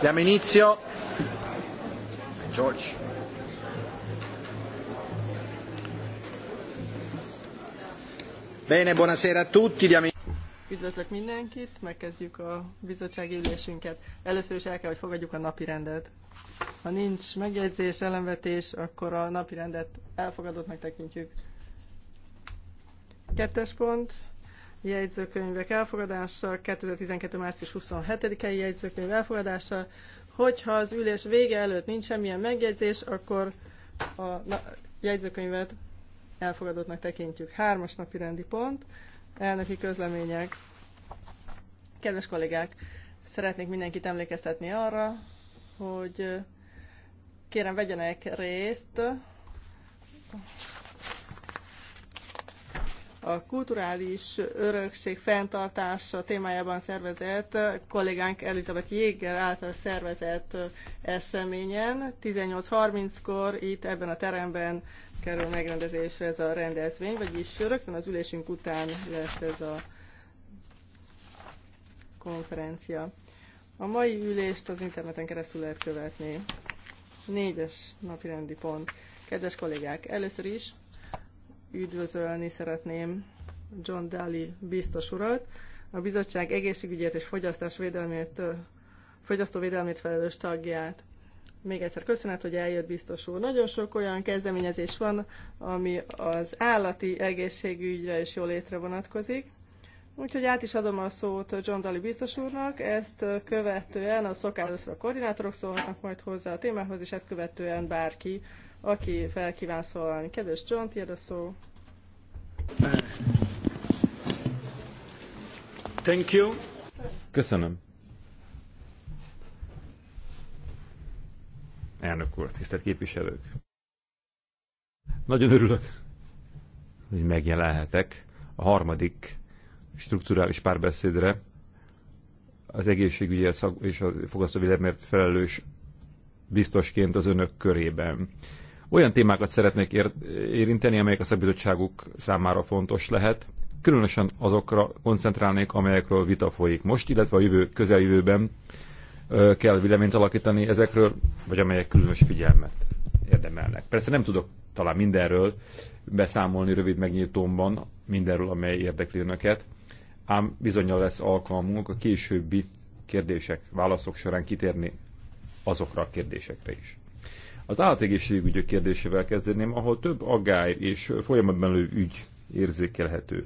Diamo inizio. George. Bene, buonasera a tutti. Diamo Üdvözlök mindenkit, megkezdjük a bizottsági ülésünket. Először is el kell, hogy fogadjuk a napi rendet. Ha nincs megjegyzés, ellenvetés, akkor a napi rendet elfogadottnak tekintjük. Kettes pont, jegyzőkönyvek elfogadása, 2012. március 27-i jegyzőkönyv elfogadása. Hogyha az ülés vége előtt nincs semmilyen megjegyzés, akkor a na, jegyzőkönyvet elfogadottnak tekintjük. Hármas napi rendi pont, elnöki közlemények. Kedves kollégák, szeretnék mindenkit emlékeztetni arra, hogy eh, kérem vegyenek részt a kulturális örökség fenntartása témájában szervezett kollégánk Elizabeth Jéger által szervezett eseményen. 18.30-kor itt ebben a teremben kerül megrendezésre ez a rendezvény, vagyis rögtön az ülésünk után lesz ez a konferencia. A mai ülést az interneten keresztül lehet követni. Négyes napi rendi pont. Kedves kollégák, először is üdvözölni szeretném John Daly biztos urat, a bizottság egészségügyért és fogyasztásvédelmét, fogyasztóvédelmét felelős tagját. Még egyszer köszönet, hogy eljött biztos úr. Nagyon sok olyan kezdeményezés van, ami az állati egészségügyre és jólétre vonatkozik. Úgyhogy át is adom a szót John Daly biztos úrnak, ezt követően a szokás a koordinátorok szólhatnak majd hozzá a témához, és ezt követően bárki aki fel kíván szólalni. Kedves John, tiéd a szó. Thank you. Köszönöm. Elnök úr, tisztelt képviselők! Nagyon örülök, hogy megjelenhetek a harmadik strukturális párbeszédre az egészségügyi és a fogasztóvédelmért felelős biztosként az önök körében. Olyan témákat szeretnék ér- érinteni, amelyek a szakbizottságuk számára fontos lehet. Különösen azokra koncentrálnék, amelyekről vita folyik most, illetve a jövő, közeljövőben ö, kell véleményt alakítani ezekről, vagy amelyek különös figyelmet érdemelnek. Persze nem tudok talán mindenről beszámolni rövid megnyitómban, mindenről, amely érdekli önöket, ám bizonyal lesz alkalmunk a későbbi kérdések, válaszok során kitérni azokra a kérdésekre is. Az állategészségügyök kérdésével kezdeném, ahol több agály és folyamatban lő ügy érzékelhető.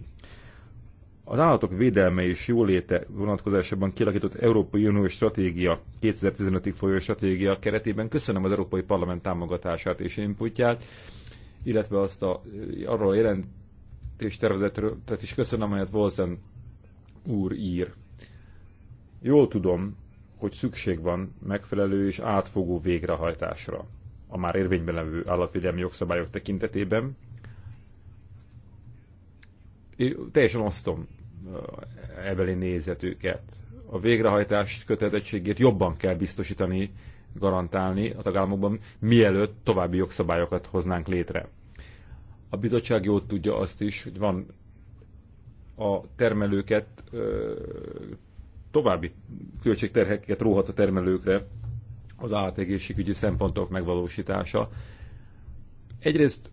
Az állatok védelme és jóléte vonatkozásában kialakított Európai Unió Stratégia 2015-ig folyó stratégia keretében köszönöm az Európai Parlament támogatását és inputját, illetve azt a, arról a tervezetről, tehát is köszönöm, amelyet Wolzen úr ír. Jól tudom, hogy szükség van megfelelő és átfogó végrehajtásra a már érvényben levő állatvédelmi jogszabályok tekintetében. Én teljesen osztom ebeli eh, nézetüket. A végrehajtás kötelezettségét jobban kell biztosítani, garantálni a tagállamokban, mielőtt további jogszabályokat hoznánk létre. A bizottság jót tudja azt is, hogy van a termelőket eh, további költségterheket róhat a termelőkre az állategészségügyi szempontok megvalósítása. Egyrészt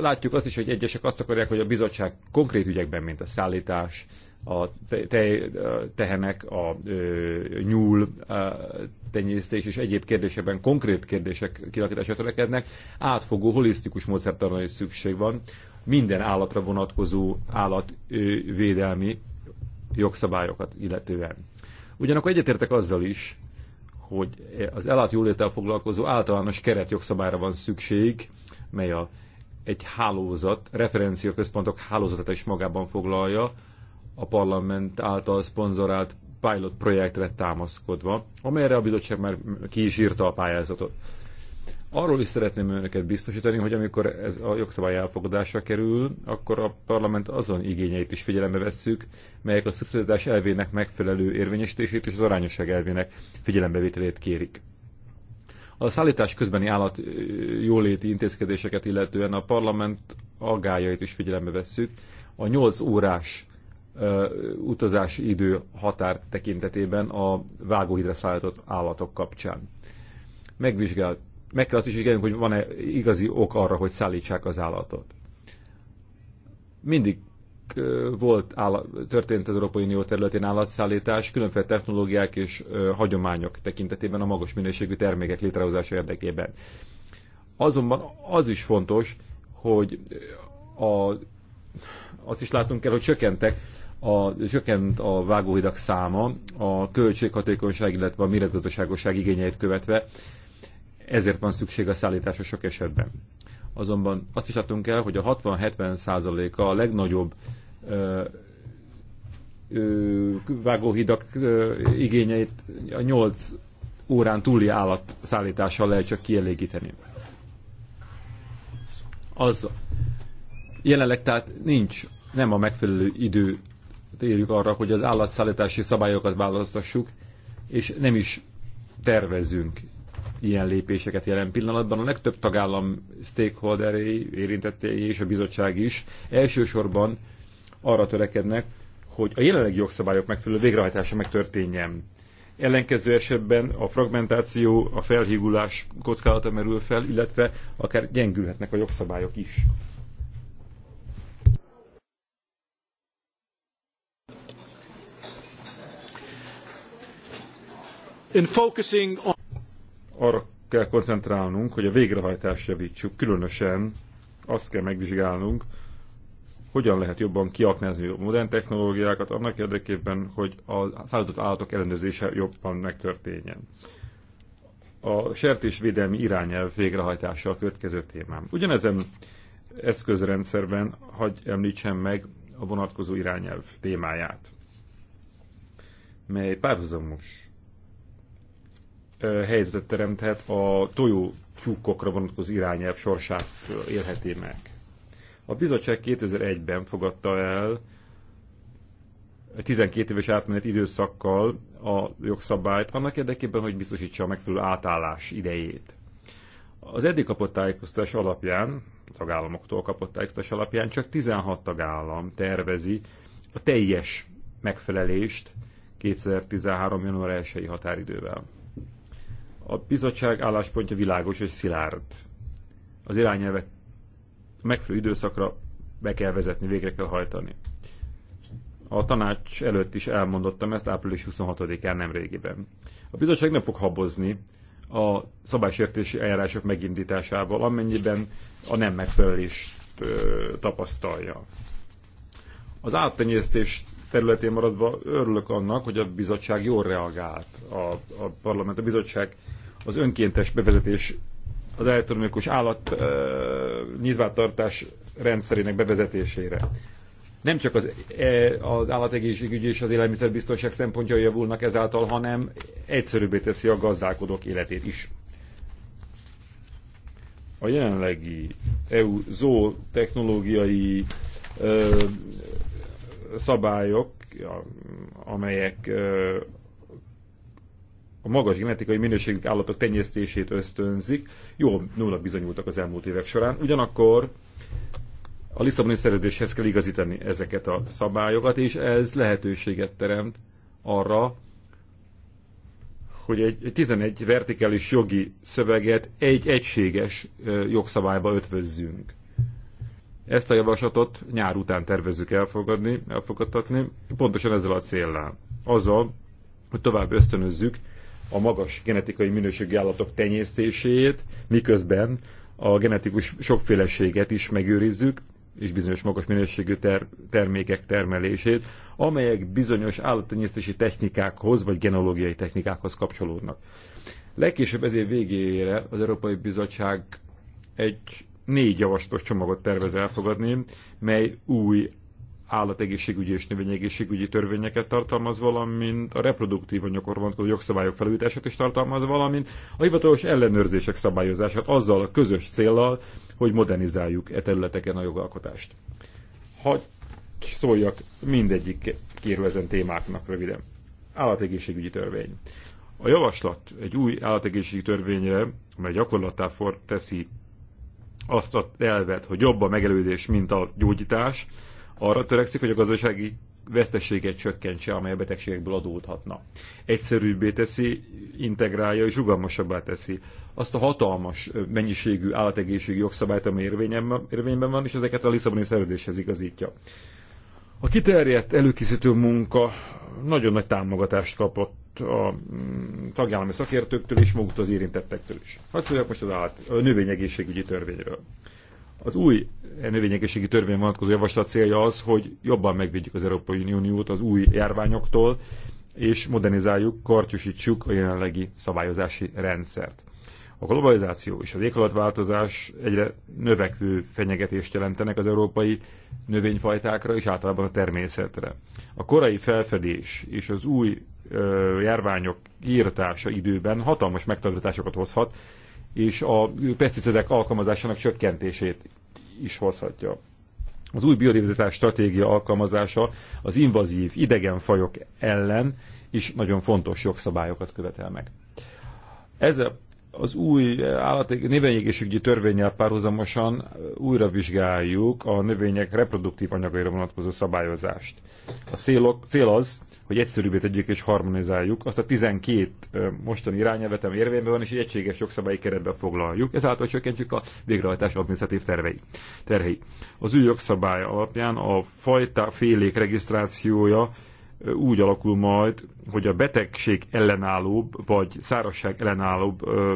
látjuk azt is, hogy egyesek azt akarják, hogy a bizottság konkrét ügyekben, mint a szállítás, a te- tehenek, a nyúl a tenyésztés és egyéb kérdésekben konkrét kérdések kilakítása törekednek, átfogó, holisztikus módszertanra is szükség van, minden állatra vonatkozó állatvédelmi jogszabályokat illetően. Ugyanakkor egyetértek azzal is, hogy az ellát jólétel foglalkozó általános keretjogszabára van szükség, mely a, egy hálózat, referenciaközpontok hálózatát is magában foglalja, a parlament által szponzorált pilot projektre támaszkodva, amelyre a bizottság már ki is írta a pályázatot. Arról is szeretném önöket biztosítani, hogy amikor ez a jogszabály elfogadásra kerül, akkor a parlament azon igényeit is figyelembe vesszük, melyek a szubszidizás elvének megfelelő érvényesítését és az arányosság elvének figyelembevételét kérik. A szállítás közbeni állat jóléti intézkedéseket illetően a parlament aggájait is figyelembe vesszük. A 8 órás utazási idő határ tekintetében a vágóhidra szállított állatok kapcsán. Megvizsgált meg kell azt is vizsgálnunk, hogy van-e igazi ok arra, hogy szállítsák az állatot. Mindig volt, történt az Európai Unió területén állatszállítás, különféle technológiák és hagyományok tekintetében a magas minőségű termékek létrehozása érdekében. Azonban az is fontos, hogy a, azt is látunk kell, hogy csökkentek a, csökkent a vágóhidak száma, a költséghatékonyság, illetve a méretgazdaságosság igényeit követve ezért van szükség a szállításra sok esetben. Azonban azt is látunk el, hogy a 60-70 százaléka a legnagyobb ö, ö, vágóhidak ö, igényeit a 8 órán túli állat szállítással lehet csak kielégíteni. Az jelenleg tehát nincs, nem a megfelelő idő érjük arra, hogy az állatszállítási szabályokat választassuk, és nem is tervezünk ilyen lépéseket jelen pillanatban. A legtöbb tagállam stakeholderei, érintettei és a bizottság is elsősorban arra törekednek, hogy a jelenlegi jogszabályok megfelelő végrehajtása megtörténjen. Ellenkező esetben a fragmentáció, a felhígulás kockázata merül fel, illetve akár gyengülhetnek a jogszabályok is. In focusing on arra kell koncentrálnunk, hogy a végrehajtást javítsuk, különösen azt kell megvizsgálnunk, hogyan lehet jobban kiaknázni a modern technológiákat annak érdekében, hogy a szállított állatok ellenőrzése jobban megtörténjen. A sertésvédelmi irányelv végrehajtása a következő témám. Ugyanezen eszközrendszerben hagy említsen meg a vonatkozó irányelv témáját, mely párhuzamos helyzetet teremthet a tojó tyúkokra vonatkozó irányelv sorsát élheti meg. A bizottság 2001-ben fogadta el 12 éves átmenet időszakkal a jogszabályt, annak érdekében, hogy biztosítsa a megfelelő átállás idejét. Az eddig kapott tájékoztatás alapján, tagállamoktól kapott tájékoztatás alapján csak 16 tagállam tervezi a teljes megfelelést 2013. január 1-i határidővel. A bizottság álláspontja világos és szilárd. Az irányelvek megfelelő időszakra be kell vezetni, végre kell hajtani. A tanács előtt is elmondottam ezt április 26-án nem régiben. A bizottság nem fog habozni a szabálysértési eljárások megindításával, amennyiben a nem megfelelést ö, tapasztalja. Az állattenyésztést területén maradva örülök annak, hogy a bizottság jól reagált. A, a parlament, a bizottság az önkéntes bevezetés, az elektronikus állat uh, nyitvátartás rendszerének bevezetésére. Nem csak az, e, az állategészségügy és az élelmiszerbiztonság szempontjai javulnak ezáltal, hanem egyszerűbbé teszi a gazdálkodók életét is. A jelenlegi EU zoo technológiai szabályok, amelyek a magas genetikai minőségű állatok tenyésztését ösztönzik, Jó nullak bizonyultak az elmúlt évek során. Ugyanakkor a Lisszaboni szerződéshez kell igazítani ezeket a szabályokat, és ez lehetőséget teremt arra, hogy egy 11 vertikális jogi szöveget egy egységes jogszabályba ötvözzünk. Ezt a javaslatot nyár után tervezzük elfogadni, elfogadtatni, pontosan ezzel a céllal. Azzal, hogy tovább ösztönözzük a magas genetikai minőségű állatok tenyésztését, miközben a genetikus sokféleséget is megőrizzük, és bizonyos magas minőségű ter- termékek termelését, amelyek bizonyos állattenyésztési technikákhoz vagy genológiai technikákhoz kapcsolódnak. Legkésőbb ezért végére az Európai Bizottság egy négy javaslatos csomagot tervez elfogadni, mely új állategészségügyi és növényegészségügyi törvényeket tartalmaz, valamint a reproduktív anyagokra vonatkozó jogszabályok felújítását is tartalmaz, valamint a hivatalos ellenőrzések szabályozását azzal a közös céllal, hogy modernizáljuk e területeken a jogalkotást. Ha szóljak mindegyik kérő ezen témáknak röviden. Állategészségügyi törvény. A javaslat egy új állategészségügyi törvényre, mely gyakorlatá for teszi azt a elvet, hogy jobb a megelőzés, mint a gyógyítás, arra törekszik, hogy a gazdasági vesztességet csökkentse, amely a betegségekből adódhatna. Egyszerűbbé teszi, integrálja és rugalmasabbá teszi azt a hatalmas mennyiségű állategészségi jogszabályt, amely érvényben van, és ezeket a Lisszaboni szerződéshez igazítja. A kiterjedt előkészítő munka nagyon nagy támogatást kapott a mm, tagállami szakértőktől és maguktól az érintettektől is. Hadd szóljak most az állat, a növényegészségügyi törvényről. Az új növényegészségügyi törvény vonatkozó javaslat célja az, hogy jobban megvédjük az Európai Uniót az új járványoktól, és modernizáljuk, kartyusítsuk a jelenlegi szabályozási rendszert. A globalizáció és az éghajlatváltozás egyre növekvő fenyegetést jelentenek az európai növényfajtákra és általában a természetre. A korai felfedés és az új ö, járványok írtása időben hatalmas megtakarításokat hozhat, és a peszticidek alkalmazásának csökkentését is hozhatja. Az új biodiverzitás stratégia alkalmazása az invazív idegenfajok ellen is nagyon fontos jogszabályokat követel meg. Ez a az új állat, növényegészségügyi törvényel párhuzamosan újra vizsgáljuk a növények reproduktív anyagaira vonatkozó szabályozást. A célok, cél az, hogy egyszerűbbé tegyük és harmonizáljuk azt a 12 mostani irányelvet, ami érvényben van, és egy egységes jogszabályi keretbe foglaljuk, ezáltal csökkentjük a végrehajtás adminisztratív tervei. terhei. Az új jogszabály alapján a fajta félék regisztrációja úgy alakul majd, hogy a betegség ellenállóbb vagy szárazság ellenállóbb ö,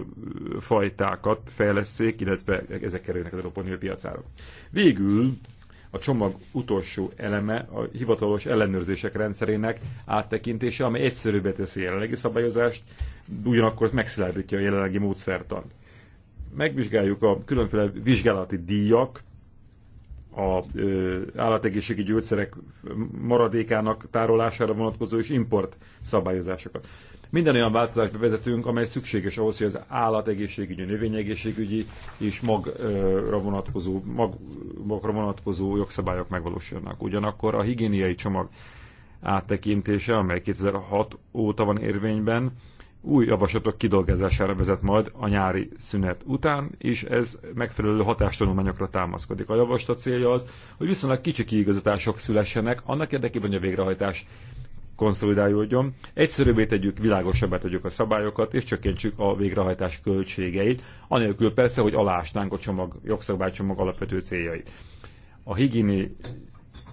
fajtákat fejleszék, illetve ezek kerülnek az európai piacára. Végül a csomag utolsó eleme a hivatalos ellenőrzések rendszerének áttekintése, amely egyszerűbbé teszi a jelenlegi szabályozást, ugyanakkor megszilárdítja a jelenlegi módszertan. Megvizsgáljuk a különféle vizsgálati díjak, a állategészségügyi gyógyszerek maradékának tárolására vonatkozó és import szabályozásokat. Minden olyan változást bevezetünk, amely szükséges ahhoz, hogy az állategészségügyi, növényegészségügyi és magra vonatkozó, mag, magra vonatkozó jogszabályok megvalósulnak. Ugyanakkor a higiéniai csomag áttekintése, amely 2006 óta van érvényben, új javaslatok kidolgozására vezet majd a nyári szünet után, és ez megfelelő hatástanulmányokra támaszkodik. A javaslat célja az, hogy viszonylag kicsi kiigazítások szülessenek, annak érdekében, hogy a végrehajtás konszolidálódjon, egyszerűbbé tegyük, világosabbá tegyük a szabályokat, és csökkentsük a végrehajtás költségeit, anélkül persze, hogy alásnánk a csomag, jogszabálycsomag alapvető céljait. A higiéni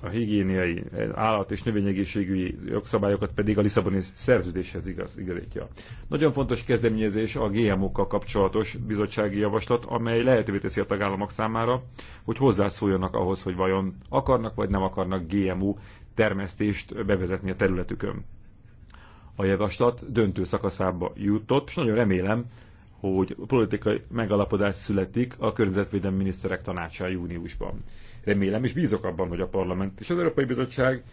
a higiéniai, állat és növényegészségügyi jogszabályokat pedig a Lisszaboni szerződéshez igaz, igazítja. Nagyon fontos kezdeményezés a GMO-kkal kapcsolatos bizottsági javaslat, amely lehetővé teszi a tagállamok számára, hogy hozzászóljanak ahhoz, hogy vajon akarnak vagy nem akarnak GMO termesztést bevezetni a területükön. A javaslat döntő szakaszába jutott, és nagyon remélem, hogy politikai megalapodás születik a környezetvédelmi miniszterek tanácsa júniusban. Remélem és bízok abban, hogy a Parlament és az Európai Bizottság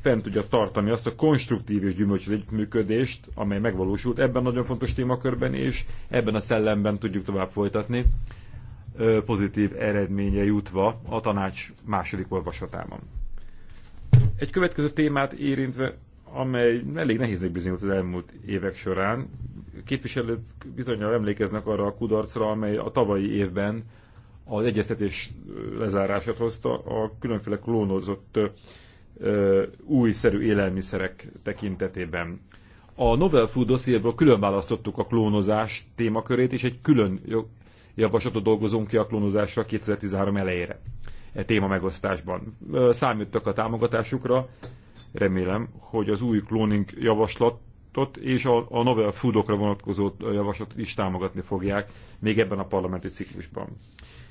fent tudja tartani azt a konstruktív és gyümölcsös együttműködést, amely megvalósult ebben nagyon fontos témakörben, és ebben a szellemben tudjuk tovább folytatni, pozitív eredménye jutva a tanács második olvasatában. Egy következő témát érintve, amely elég nehéznek bizonyult az elmúlt évek során, képviselők bizonyal emlékeznek arra a kudarcra, amely a tavalyi évben az egyeztetés lezárását hozta a különféle klónozott újszerű élelmiszerek tekintetében. A Novel Food dossierből külön választottuk a klónozás témakörét, és egy külön javaslatot dolgozunk ki a klónozásra 2013 elejére e téma megosztásban. Számítottak a támogatásukra, remélem, hogy az új klóning javaslatot és a, a novel foodokra vonatkozó javaslatot is támogatni fogják még ebben a parlamenti ciklusban.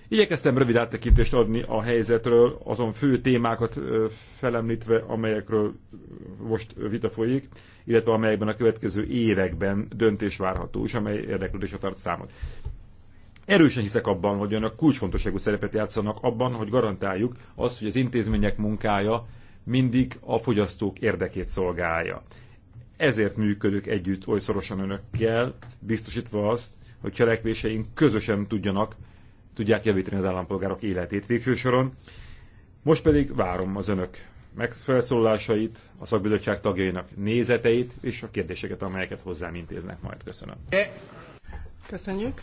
Igyekeztem rövid áttekintést adni a helyzetről, azon fő témákat felemlítve, amelyekről most vita folyik, illetve amelyekben a következő években döntés várható, és amely érdeklődésre tart számot. Erősen hiszek abban, hogy önök kulcsfontosságú szerepet játszanak abban, hogy garantáljuk azt, hogy az intézmények munkája mindig a fogyasztók érdekét szolgálja. Ezért működök együtt oly szorosan önökkel, biztosítva azt, hogy cselekvéseink közösen tudjanak tudják javítani az állampolgárok életét végső soron. Most pedig várom az önök megfelszólásait, a szakbizottság tagjainak nézeteit és a kérdéseket, amelyeket hozzám intéznek majd. Köszönöm. Köszönjük.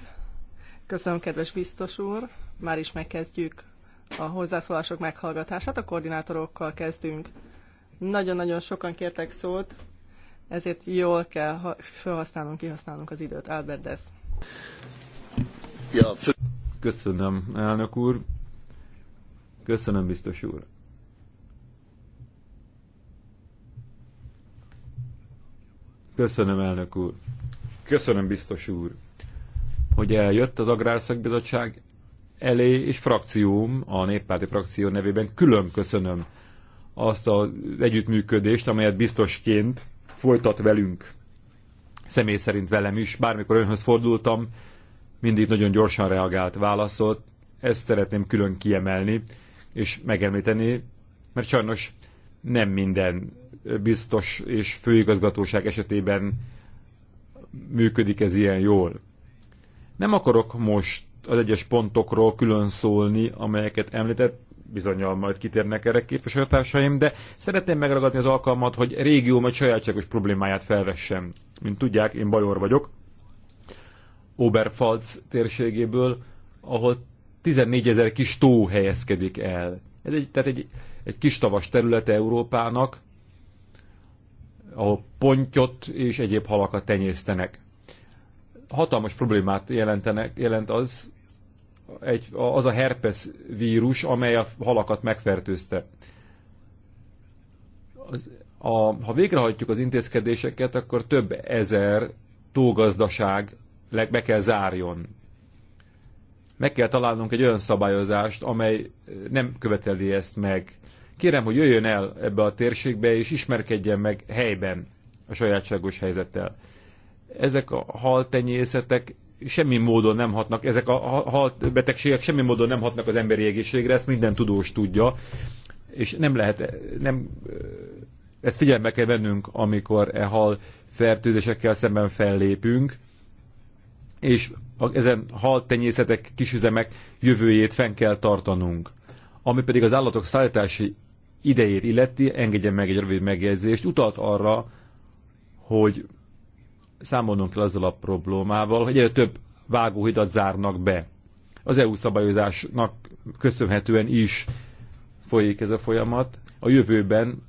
Köszönöm, kedves biztos úr. Már is megkezdjük a hozzászólások meghallgatását. A koordinátorokkal kezdünk. Nagyon-nagyon sokan kértek szót, ezért jól kell felhasználnunk, kihasználnunk az időt. Albert Dess. Ja, Köszönöm, elnök úr. Köszönöm, biztos úr. Köszönöm, elnök úr. Köszönöm, biztos úr, hogy eljött az Agrárszakbizottság elé, és frakcióm, a néppárti frakció nevében külön köszönöm azt az együttműködést, amelyet biztosként folytat velünk. Személy szerint velem is, bármikor önhöz fordultam, mindig nagyon gyorsan reagált, válaszolt. Ezt szeretném külön kiemelni és megemlíteni, mert sajnos nem minden biztos és főigazgatóság esetében működik ez ilyen jól. Nem akarok most az egyes pontokról külön szólni, amelyeket említett, bizonyal majd kitérnek erre képviselőtársaim, de szeretném megragadni az alkalmat, hogy régióm egy sajátságos problémáját felvessem. Mint tudják, én bajor vagyok, Oberpfalz térségéből, ahol 14 ezer kis tó helyezkedik el. Ez egy, tehát egy, egy kis tavas terület Európának, ahol pontyot és egyéb halakat tenyésztenek. Hatalmas problémát jelentenek, jelent az, egy, az a herpes vírus, amely a halakat megfertőzte. Az, a, ha végrehajtjuk az intézkedéseket, akkor több ezer tógazdaság be kell zárjon. Meg kell találnunk egy olyan szabályozást, amely eh, nem követeli ezt meg. Kérem, hogy jöjjön el ebbe a térségbe, és ismerkedjen meg helyben a sajátságos helyzettel. Ezek a haltenyészetek semmi módon nem hatnak, ezek a halt betegségek semmi módon nem hatnak az emberi egészségre, ezt minden tudós tudja, és nem lehet, nem, eh, ezt figyelme kell vennünk, amikor e hal fertőzésekkel szemben fellépünk, és a, ezen tenyészetek kisüzemek jövőjét fenn kell tartanunk. Ami pedig az állatok szállítási idejét illeti, engedjen meg egy rövid megjegyzést, utalt arra, hogy számolnunk kell azzal a problémával, hogy egyre több vágóhidat zárnak be. Az EU szabályozásnak köszönhetően is folyik ez a folyamat. A jövőben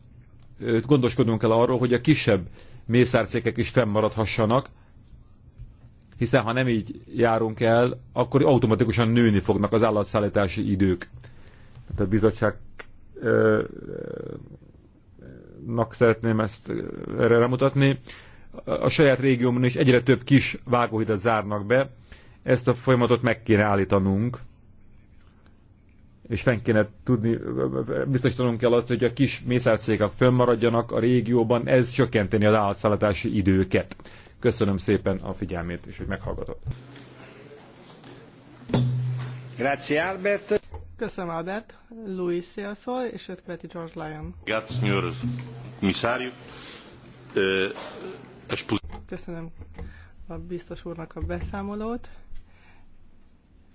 gondoskodunk kell arról, hogy a kisebb mészárcékek is fennmaradhassanak, hiszen ha nem így járunk el, akkor automatikusan nőni fognak az állatszállítási idők. Tehát a bizottság nak szeretném ezt erre remutatni. A saját régiómban is egyre több kis vágóhidat zárnak be. Ezt a folyamatot meg kéne állítanunk, és fenn kéne tudni, biztosítanunk kell azt, hogy a kis mészárszékek fönnmaradjanak a régióban, ez csökkenteni az állatszállatási időket. Köszönöm szépen a figyelmét, és hogy meghallgatott. Grazie Albert. Köszönöm Albert. Luis Sziaszol, és őt követi George Lyon. Eh, Köszönöm a biztos úrnak a beszámolót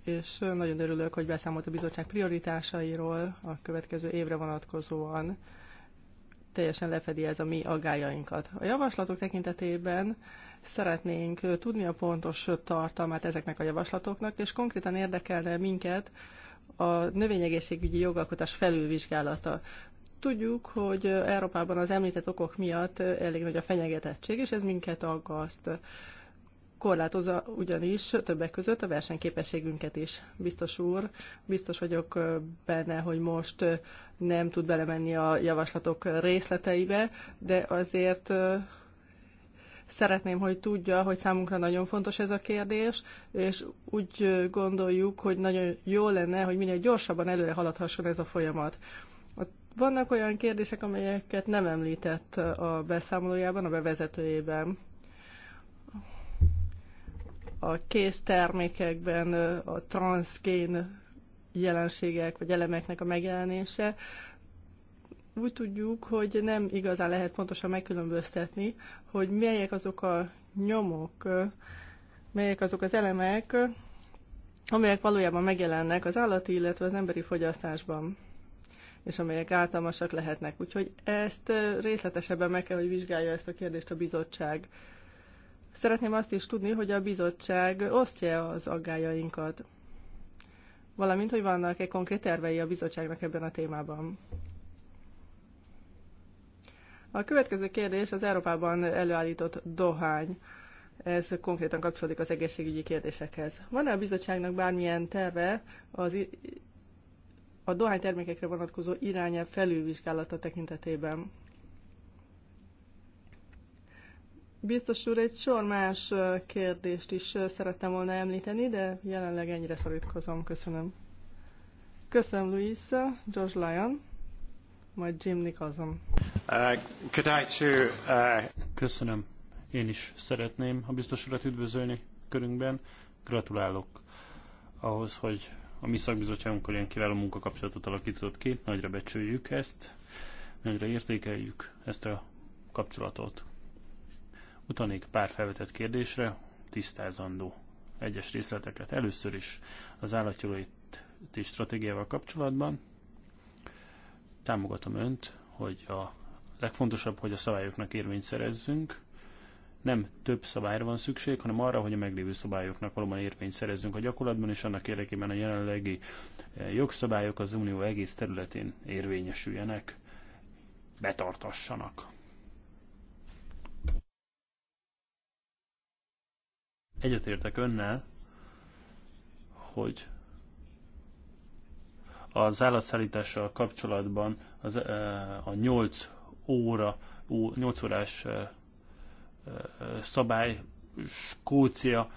és nagyon örülök, hogy beszámolt a bizottság prioritásairól a következő évre vonatkozóan. Teljesen lefedi ez a mi aggájainkat. A javaslatok tekintetében szeretnénk tudni a pontos tartalmát ezeknek a javaslatoknak, és konkrétan érdekelne minket a növényegészségügyi jogalkotás felülvizsgálata. Tudjuk, hogy Európában az említett okok miatt elég nagy a fenyegetettség, és ez minket aggaszt korlátozza ugyanis többek között a versenyképességünket is. Biztos úr, biztos vagyok benne, hogy most nem tud belemenni a javaslatok részleteibe, de azért szeretném, hogy tudja, hogy számunkra nagyon fontos ez a kérdés, és úgy gondoljuk, hogy nagyon jó lenne, hogy minél gyorsabban előre haladhasson ez a folyamat. Vannak olyan kérdések, amelyeket nem említett a beszámolójában, a bevezetőjében a kéztermékekben a transzgén jelenségek vagy elemeknek a megjelenése, úgy tudjuk, hogy nem igazán lehet pontosan megkülönböztetni, hogy melyek azok a nyomok, melyek azok az elemek, amelyek valójában megjelennek az állati, illetve az emberi fogyasztásban, és amelyek ártalmasak lehetnek. Úgyhogy ezt részletesebben meg kell, hogy vizsgálja ezt a kérdést a bizottság. Szeretném azt is tudni, hogy a bizottság osztja az aggájainkat, valamint, hogy vannak-e konkrét tervei a bizottságnak ebben a témában. A következő kérdés az Európában előállított dohány. Ez konkrétan kapcsolódik az egészségügyi kérdésekhez. Van-e a bizottságnak bármilyen terve az a dohánytermékekre vonatkozó irányelv felülvizsgálata tekintetében? Biztos úr, egy sor más kérdést is szerettem volna említeni, de jelenleg ennyire szorítkozom. Köszönöm. Köszönöm, Luis, George Lyon, majd Jim Nicholson. Uh, could I uh... Köszönöm. Én is szeretném a biztos urat üdvözölni körünkben. Gratulálok ahhoz, hogy a mi szakbizottságunkkal ilyen kiváló munkakapcsolatot alakított ki. Nagyra becsüljük ezt, nagyra értékeljük ezt a kapcsolatot. Utalnék pár felvetett kérdésre, tisztázandó egyes részleteket. Először is az állatjóléti stratégiával kapcsolatban támogatom önt, hogy a legfontosabb, hogy a szabályoknak érvényt szerezzünk. Nem több szabályra van szükség, hanem arra, hogy a meglévő szabályoknak valóban érvényt szerezzünk a gyakorlatban, és annak érdekében a jelenlegi eh, jogszabályok az unió egész területén érvényesüljenek, betartassanak. Egyetértek önnel, hogy az állatszállítással kapcsolatban az, a 8 óra, 8 órás szabály Skócia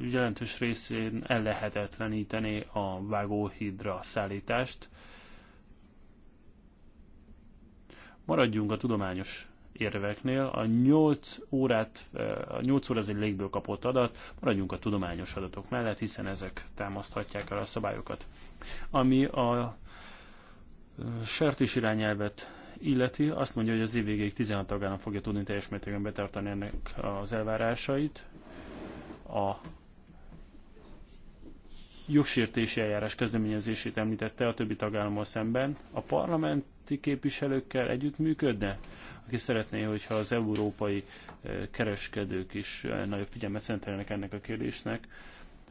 jelentős részén ellehetetleníteni a vágóhidra szállítást. Maradjunk a tudományos érveknél. A 8 órát, eh, a 8 óra az egy légből kapott adat, maradjunk a tudományos adatok mellett, hiszen ezek támaszthatják el a szabályokat. Ami a eh, sertés irányelvet illeti, azt mondja, hogy az év végéig 16 tagállam fogja tudni teljes mértékben betartani ennek az elvárásait. A jogsértési eljárás kezdeményezését említette a többi tagállammal szemben. A parlamenti képviselőkkel együttműködne? Aki szeretné, hogyha az európai eh, kereskedők is eh, nagyobb figyelmet szentelnének ennek a kérdésnek,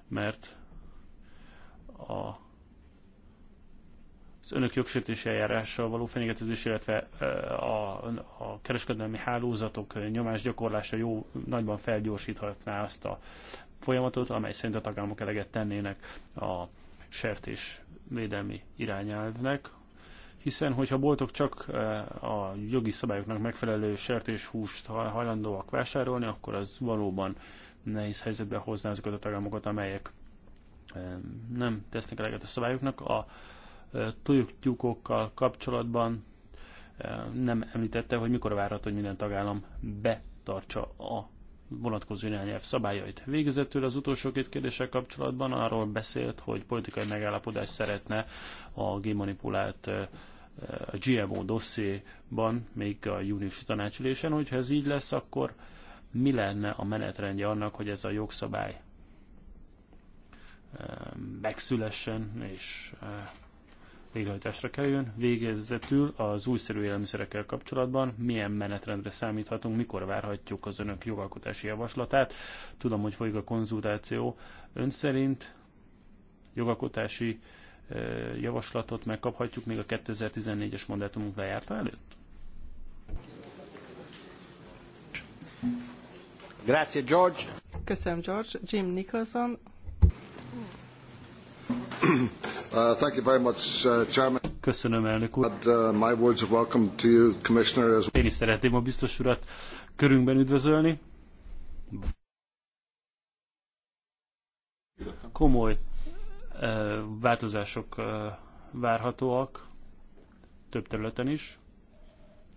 mert a az önök jogsértési eljárással való fenyegetőzés, illetve eh, a, a kereskedelmi hálózatok nyomásgyakorlása jó nagyban felgyorsíthatná azt a folyamatot, amely szerint a tagállamok eleget tennének a sertés védelmi irányelvnek, hiszen hogyha boltok csak eh, a jogi szabályoknak megfelelő sertéshúst hajlandóak vásárolni, akkor az valóban nehéz helyzetbe hozná azokat a tagállamokat, amelyek eh, nem tesznek eleget a szabályoknak. A eh, tojuktyúkokkal kapcsolatban nem említette, hogy mikor várható, hogy minden tagállam betartsa a vonatkozó irányelv szabályait. Végezetül az utolsó két kérdéssel kapcsolatban arról beszélt, hogy politikai megállapodás szeretne a gémanipulált a GMO dosszéban, még a júniusi tanácsülésen, hogyha ez így lesz, akkor mi lenne a menetrendje annak, hogy ez a jogszabály megszülessen, és végrehajtásra kerüljön. Végezetül az újszerű élelmiszerekkel kapcsolatban milyen menetrendre számíthatunk, mikor várhatjuk az önök jogalkotási javaslatát. Tudom, hogy folyik a konzultáció. Ön szerint jogalkotási eh, javaslatot megkaphatjuk még a 2014-es mandátumunk lejárta előtt? Grazie George. Köszönöm George. Jim Nicholson. Uh, uh, Köszönöm, elnök úr. Uh, Én is szeretném a biztos urat körünkben üdvözölni. Komoly változások várhatóak több területen is.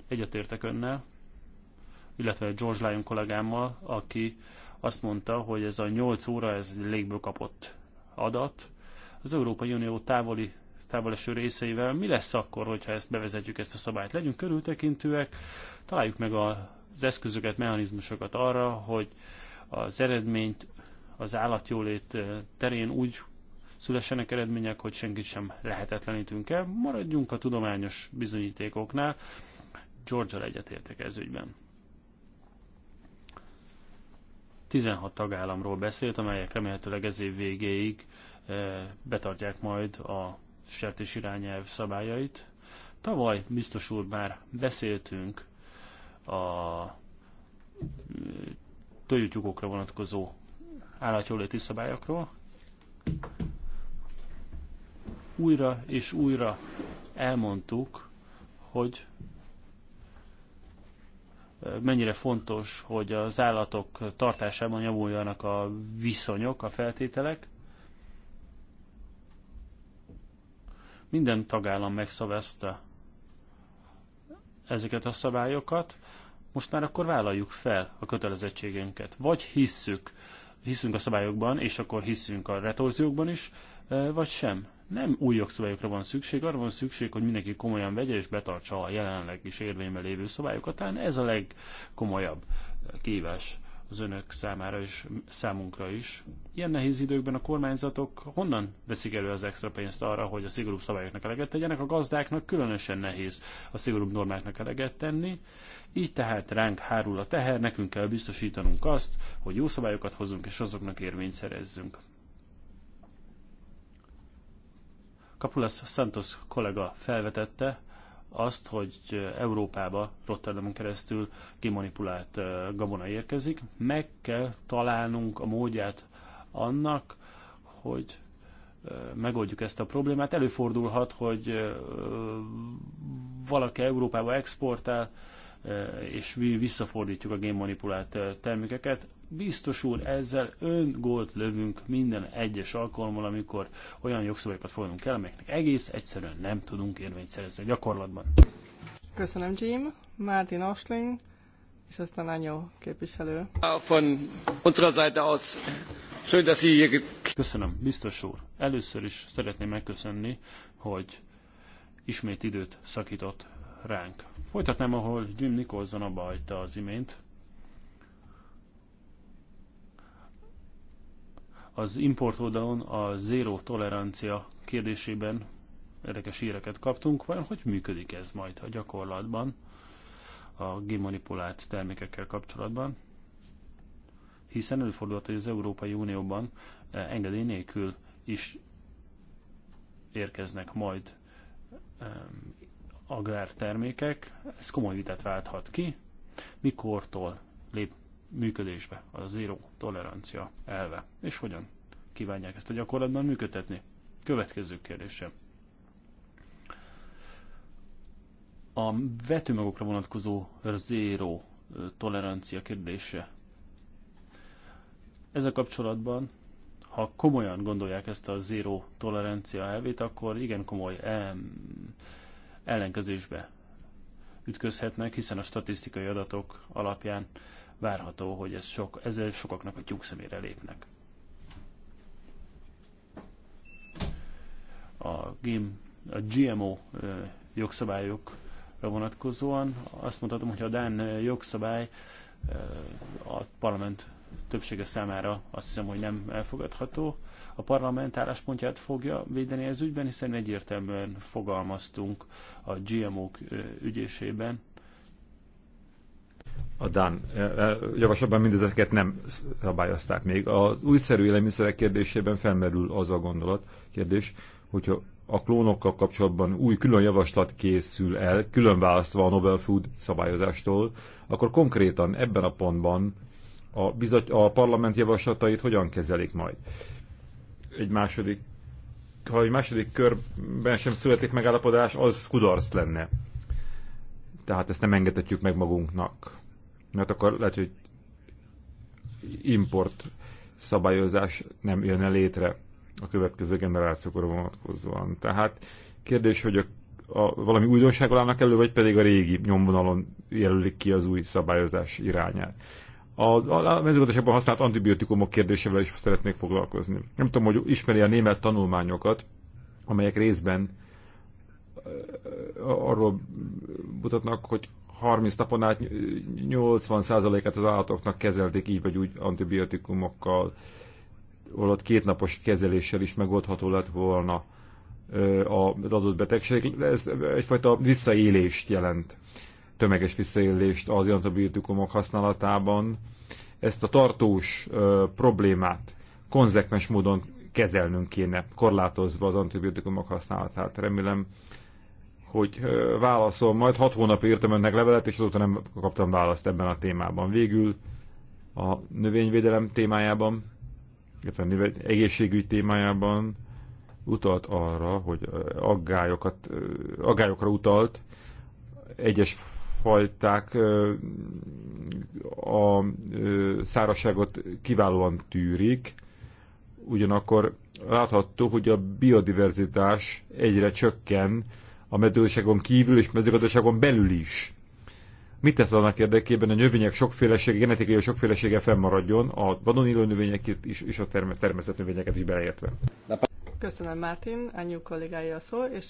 Egyetértek önnel, illetve George Lyon kollégámmal, aki azt mondta, hogy ez a 8 óra, ez légből kapott adat, az Európai Unió távoli távoleső részeivel. Mi lesz akkor, hogyha ezt bevezetjük, ezt a szabályt? Legyünk körültekintőek, találjuk meg az eszközöket, mechanizmusokat arra, hogy az eredményt az állatjólét terén úgy szülessenek eredmények, hogy senkit sem lehetetlenítünk el. Maradjunk a tudományos bizonyítékoknál. Georgia egyetértek ez ügyben. 16 tagállamról beszélt, amelyek remélhetőleg ez év végéig betartják majd a sertés irányelv szabályait. Tavaly biztos úr már beszéltünk a tőjütyugokra vonatkozó állatjóléti szabályokról. Újra és újra elmondtuk, hogy mennyire fontos, hogy az állatok tartásában javuljanak a viszonyok, a feltételek, Minden tagállam megszavazta ezeket a szabályokat, most már akkor vállaljuk fel a kötelezettségünket. Vagy hisszük, hiszünk a szabályokban, és akkor hiszünk a retorziókban is, e, vagy sem. Nem új jogszabályokra van szükség, arra van szükség, hogy mindenki komolyan vegye és betartsa a jelenleg is érvényben lévő szabályokat. Tehát ez a legkomolyabb e, kívás az önök számára és számunkra is. Ilyen nehéz időkben a kormányzatok honnan veszik elő az extra pénzt arra, hogy a szigorúbb szabályoknak eleget tegyenek? A gazdáknak különösen nehéz a szigorúbb normáknak eleget tenni, így tehát ránk hárul a teher, nekünk kell biztosítanunk azt, hogy jó szabályokat hozzunk és azoknak érvényt szerezzünk. Kapulas Santos kollega felvetette, azt, hogy Európába Rotterdamon keresztül kimanipulált gabona érkezik. Meg kell találnunk a módját annak, hogy megoldjuk ezt a problémát. Előfordulhat, hogy valaki Európába exportál, és mi visszafordítjuk a génmanipulált termékeket. Biztos úr, ezzel ön gólt lövünk minden egyes alkalommal, amikor olyan jogszabályokat fogadunk el, amelyeknek egész egyszerűen nem tudunk érvényt szerezni a gyakorlatban. Köszönöm, Jim. Martin Osling, és aztán Ányó képviselő. Von unserer Seite aus, schön, dass Sie hier... Köszönöm, biztos úr. Először is szeretném megköszönni, hogy ismét időt szakított ránk. Folytatnám, ahol Jim Nicholson abba hagyta az imént. Az import oldalon a zéró tolerancia kérdésében érdekes híreket kaptunk. Vajon hogy működik ez majd a gyakorlatban, a gémanipulált termékekkel kapcsolatban? Hiszen előfordulhat, hogy az Európai Unióban e, engedély nélkül is érkeznek majd um, agrártermékek. Ez komoly vitát válthat ki. Mikortól lép működésbe, a zéró tolerancia elve, és hogyan kívánják ezt a gyakorlatban működtetni. Következő kérdésem. A vetőmagokra vonatkozó zéró tolerancia kérdése. Ezzel kapcsolatban, ha komolyan gondolják ezt a zéró tolerancia elvét, akkor igen komoly ellenkezésbe ütközhetnek, hiszen a statisztikai adatok alapján várható, hogy ez sok, ezzel sokaknak a tyúk szemére lépnek. A, game, a GMO jogszabályokra vonatkozóan azt mondhatom, hogy a Dán jogszabály a parlament többsége számára azt hiszem, hogy nem elfogadható. A parlament álláspontját fogja védeni ez ügyben, hiszen egyértelműen fogalmaztunk a GMO-k ügyésében, a Dán e, e, javaslatban mindezeket nem szabályozták még. Az újszerű élelmiszerek kérdésében felmerül az a gondolat, kérdés, hogyha a klónokkal kapcsolatban új külön javaslat készül el, külön választva a Nobel Food szabályozástól, akkor konkrétan ebben a pontban a, bizony, a parlament javaslatait hogyan kezelik majd? Egy második, ha egy második körben sem születik megállapodás, az kudarc lenne. Tehát ezt nem engedhetjük meg magunknak mert akkor lehet, hogy import szabályozás nem jönne létre a következő generációkra vonatkozóan. Tehát kérdés, hogy a, a, valami újdonság állnak elő, vagy pedig a régi nyomvonalon jelölik ki az új szabályozás irányát. A, a, a mezőgazdaságban használt antibiotikumok kérdésével is szeretnék foglalkozni. Nem tudom, hogy ismeri a német tanulmányokat, amelyek részben arról mutatnak, hogy 30 napon át 80%-át az állatoknak kezelték így vagy úgy antibiotikumokkal, holott kétnapos kezeléssel is megoldható lett volna az adott betegség. Ez egyfajta visszaélést jelent, tömeges visszaélést az antibiotikumok használatában. Ezt a tartós problémát konzekvens módon kezelnünk kéne, korlátozva az antibiotikumok használatát. Remélem hogy válaszol majd. Hat hónap írtam önnek levelet, és azóta nem kaptam választ ebben a témában. Végül a növényvédelem témájában, illetve egészségügy témájában utalt arra, hogy aggályokat, aggályokra utalt egyes fajták a szárazságot kiválóan tűrik, ugyanakkor látható, hogy a biodiverzitás egyre csökken, a mezőgazdaságon kívül és mezőgazdaságon belül is. Mit tesz annak érdekében, hogy a növények sokfélesége, genetikai sokfélesége fennmaradjon, a vadon élő növényeket is, és a természet növényeket is beleértve? Köszönöm, Mártin, Anyú kollégája a szó, és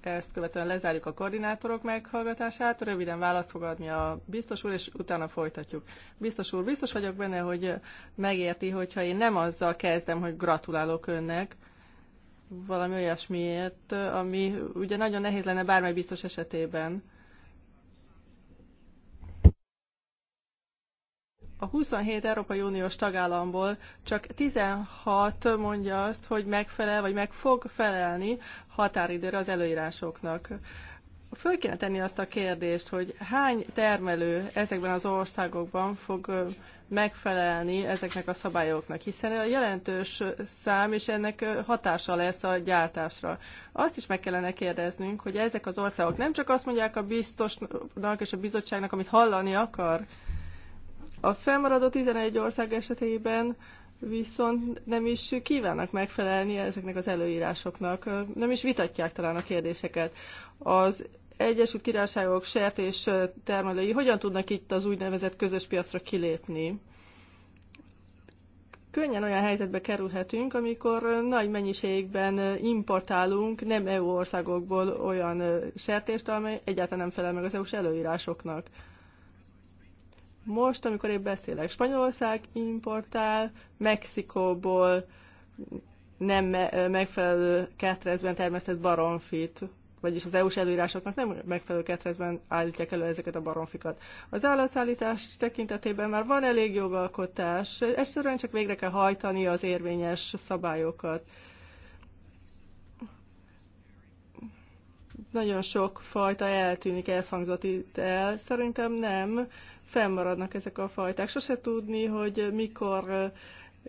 ezt követően lezárjuk a koordinátorok meghallgatását, röviden választ fog adni a biztos úr, és utána folytatjuk. Biztos úr, biztos vagyok benne, hogy megérti, hogyha én nem azzal kezdem, hogy gratulálok önnek, valami olyasmiért, ami ugye nagyon nehéz lenne bármely biztos esetében. A 27 Európai Uniós tagállamból csak 16 mondja azt, hogy megfelel vagy meg fog felelni határidőre az előírásoknak. Föl kéne tenni azt a kérdést, hogy hány termelő ezekben az országokban fog megfelelni ezeknek a szabályoknak, hiszen a jelentős szám, és ennek hatása lesz a gyártásra. Azt is meg kellene kérdeznünk, hogy ezek az országok nem csak azt mondják a biztosnak és a bizottságnak, amit hallani akar. A felmaradó 11 ország esetében viszont nem is kívánnak megfelelni ezeknek az előírásoknak, nem is vitatják talán a kérdéseket. Az Egyesült Királyságok sertés termelői hogyan tudnak itt az úgynevezett közös piacra kilépni? Könnyen olyan helyzetbe kerülhetünk, amikor nagy mennyiségben importálunk nem EU országokból olyan sertést, amely egyáltalán nem felel meg az EU-s előírásoknak. Most, amikor én beszélek, Spanyolország importál Mexikóból nem megfelelő kertrezben termesztett baromfit vagyis az EU-s előírásoknak nem megfelelő ketrezben állítják elő ezeket a baromfikat. Az állatszállítás tekintetében már van elég jogalkotás, egyszerűen csak végre kell hajtani az érvényes szabályokat. Nagyon sok fajta eltűnik, ez hangzott itt el. Szerintem nem, fennmaradnak ezek a fajták. Sose tudni, hogy mikor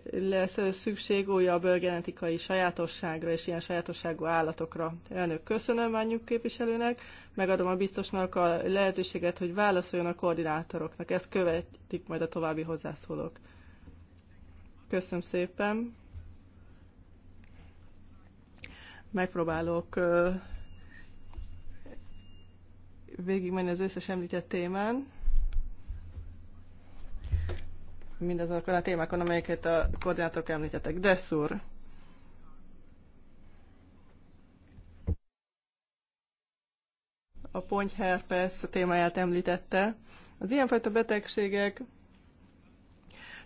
lesz szükség újabb genetikai sajátosságra és ilyen sajátosságú állatokra. Elnök, köszönöm Mányuk képviselőnek, megadom a biztosnak a lehetőséget, hogy válaszoljon a koordinátoroknak. Ezt követik majd a további hozzászólók. Köszönöm szépen. Megpróbálok végigmenni az összes említett témán mindazokon a témákon, amelyeket a koordinátorok említettek. Dessur. A pontyherpesz témáját említette. Az ilyenfajta betegségek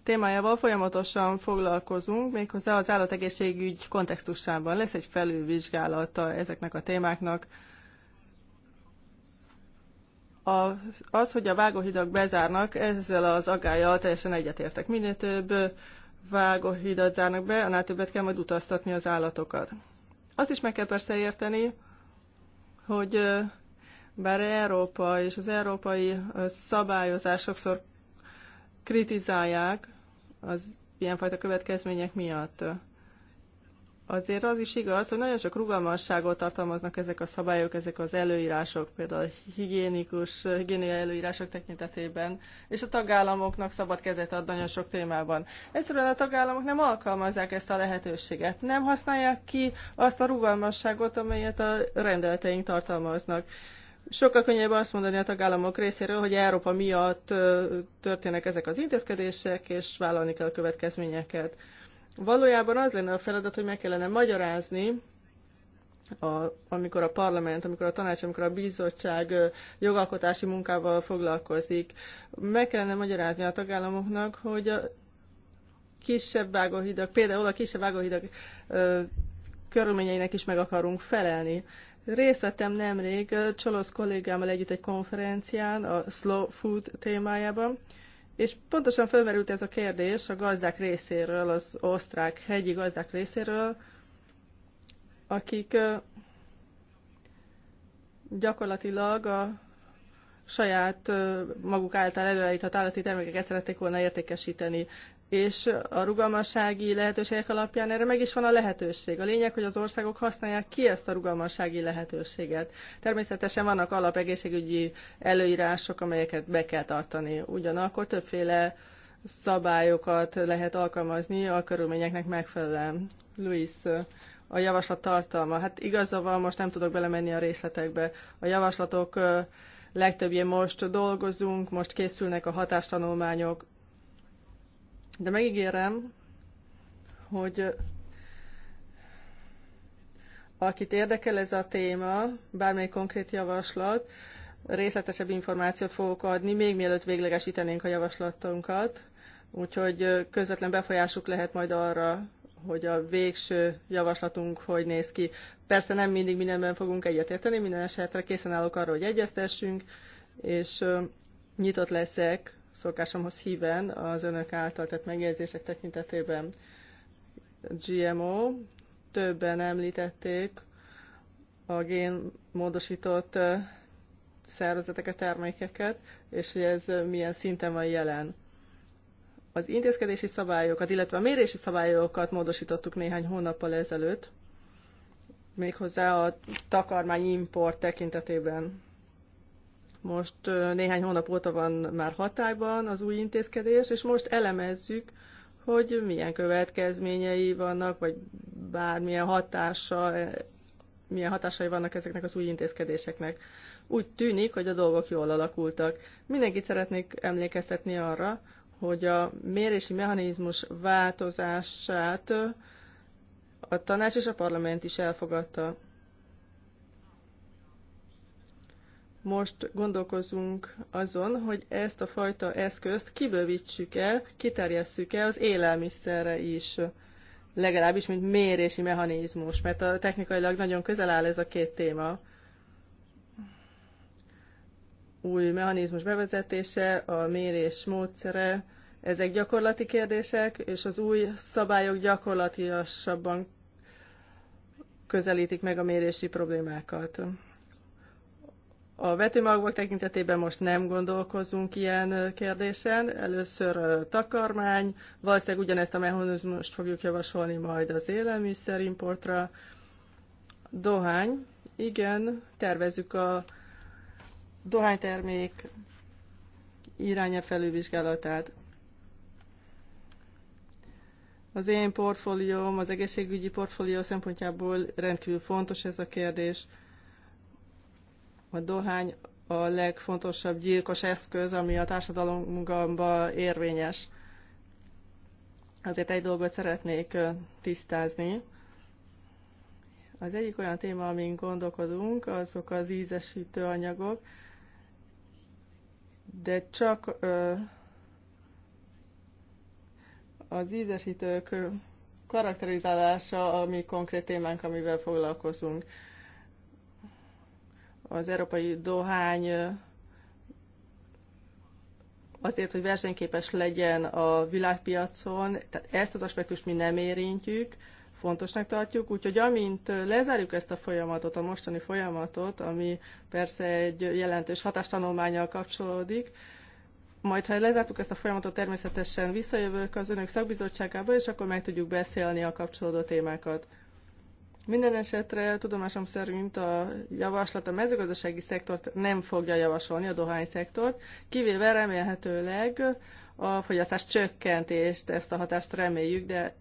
témájával folyamatosan foglalkozunk, méghozzá az állategészségügy kontextusában. Lesz egy felülvizsgálata ezeknek a témáknak, a, az, hogy a vágóhidak bezárnak, ezzel az aggájjal teljesen egyetértek. Minél több vágóhidat zárnak be, annál többet kell majd utaztatni az állatokat. Azt is meg kell persze érteni, hogy bár Európa és az európai szabályozás sokszor kritizálják az ilyenfajta következmények miatt. Azért az is igaz, hogy nagyon sok rugalmasságot tartalmaznak ezek a szabályok, ezek az előírások, például higiénikus, higiéniai előírások tekintetében, és a tagállamoknak szabad kezet ad nagyon sok témában. Egyszerűen a tagállamok nem alkalmazzák ezt a lehetőséget, nem használják ki azt a rugalmasságot, amelyet a rendeleteink tartalmaznak. Sokkal könnyebb azt mondani a tagállamok részéről, hogy Európa miatt történnek ezek az intézkedések, és vállalni kell a következményeket. Valójában az lenne a feladat, hogy meg kellene magyarázni, a, amikor a parlament, amikor a tanács, amikor a bizottság jogalkotási munkával foglalkozik. Meg kellene magyarázni a tagállamoknak, hogy a kisebb vágóhidak, például a kisebb vágóhidak ö, körülményeinek is meg akarunk felelni. Részt vettem nemrég Csolosz kollégámmal együtt egy konferencián a slow food témájában, és pontosan felmerült ez a kérdés a gazdák részéről, az osztrák hegyi gazdák részéről, akik gyakorlatilag a saját maguk által előállított állati termékeket szerették volna értékesíteni és a rugalmassági lehetőségek alapján erre meg is van a lehetőség. A lényeg, hogy az országok használják ki ezt a rugalmassági lehetőséget. Természetesen vannak alapegészségügyi előírások, amelyeket be kell tartani. Ugyanakkor többféle szabályokat lehet alkalmazni a körülményeknek megfelelően. Luis, a javaslat tartalma. Hát igazából most nem tudok belemenni a részletekbe. A javaslatok legtöbbjén most dolgozunk, most készülnek a hatástanulmányok, de megígérem, hogy akit érdekel ez a téma, bármely konkrét javaslat, részletesebb információt fogok adni, még mielőtt véglegesítenénk a javaslatunkat, úgyhogy közvetlen befolyásuk lehet majd arra, hogy a végső javaslatunk hogy néz ki. Persze nem mindig mindenben fogunk egyetérteni, minden esetre készen állok arra, hogy egyeztessünk, és nyitott leszek szokásomhoz híven az önök által tett megjegyzések tekintetében. GMO, többen említették a génmódosított szervezeteket, termékeket, és hogy ez milyen szinten van jelen. Az intézkedési szabályokat, illetve a mérési szabályokat módosítottuk néhány hónappal ezelőtt, méghozzá a takarmány import tekintetében. Most néhány hónap óta van már hatályban az új intézkedés, és most elemezzük, hogy milyen következményei vannak, vagy bármilyen hatása, e, milyen hatásai vannak ezeknek az új intézkedéseknek. Úgy tűnik, hogy a dolgok jól alakultak. Mindenkit szeretnék emlékeztetni arra, hogy a mérési mechanizmus változását a tanács és a parlament is elfogadta. most gondolkozunk azon, hogy ezt a fajta eszközt kibővítsük el, kiterjesszük el az élelmiszerre is, legalábbis, mint mérési mechanizmus, mert a technikailag nagyon közel áll ez a két téma. Új mechanizmus bevezetése, a mérés módszere, ezek gyakorlati kérdések, és az új szabályok gyakorlatilasabban közelítik meg a mérési problémákat. A vetőmagok tekintetében most nem gondolkozunk ilyen kérdésen. Először takarmány, valószínűleg ugyanezt a mechanizmust fogjuk javasolni majd az élelmiszerimportra. Dohány, igen, tervezük a dohánytermék iránya felülvizsgálatát. Az én portfólióm, az egészségügyi portfólió szempontjából rendkívül fontos ez a kérdés – a dohány a legfontosabb gyilkos eszköz, ami a társadalomban érvényes. Azért egy dolgot szeretnék tisztázni. Az egyik olyan téma, amin gondolkodunk, azok az ízesítő anyagok, de csak az ízesítők karakterizálása a mi konkrét témánk, amivel foglalkozunk az európai dohány azért, hogy versenyképes legyen a világpiacon, tehát ezt az aspektust mi nem érintjük, fontosnak tartjuk, úgyhogy amint lezárjuk ezt a folyamatot, a mostani folyamatot, ami persze egy jelentős hatástanulmányal kapcsolódik, majd ha lezártuk ezt a folyamatot, természetesen visszajövök az önök szakbizottságába, és akkor meg tudjuk beszélni a kapcsolódó témákat. Minden esetre tudomásom szerint a javaslat a mezőgazdasági szektort nem fogja javasolni, a dohány szektort, kivéve remélhetőleg a fogyasztás csökkentést, ezt a hatást reméljük, de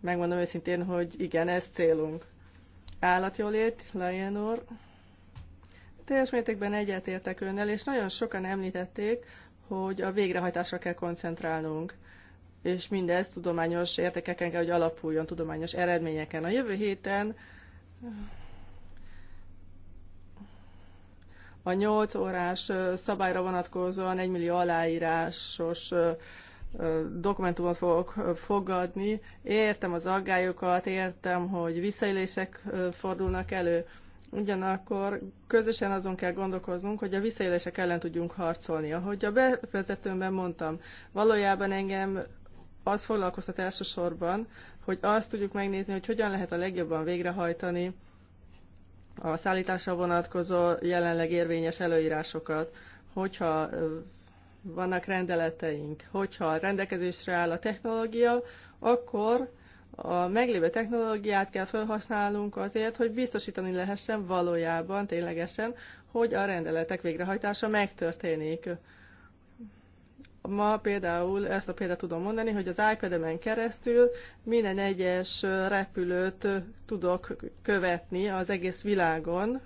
megmondom őszintén, hogy igen, ez célunk. Állatjólét, Lajen úr. Teljes mértékben egyetértek önnel, és nagyon sokan említették, hogy a végrehajtásra kell koncentrálnunk és mindez tudományos értékeken kell, hogy alapuljon, tudományos eredményeken. A jövő héten a 8 órás szabályra vonatkozóan 1 millió aláírásos dokumentumot fogok fogadni. Értem az aggályokat, értem, hogy visszaélések fordulnak elő. Ugyanakkor közösen azon kell gondolkoznunk, hogy a visszaélések ellen tudjunk harcolni. Ahogy a bevezetőmben mondtam, valójában engem az foglalkoztat elsősorban, hogy azt tudjuk megnézni, hogy hogyan lehet a legjobban végrehajtani a szállításra vonatkozó jelenleg érvényes előírásokat, hogyha vannak rendeleteink, hogyha rendelkezésre áll a technológia, akkor a meglévő technológiát kell felhasználnunk azért, hogy biztosítani lehessen valójában, ténylegesen, hogy a rendeletek végrehajtása megtörténik ma például ezt a példát tudom mondani, hogy az iPad-emen keresztül minden egyes repülőt tudok követni az egész világon,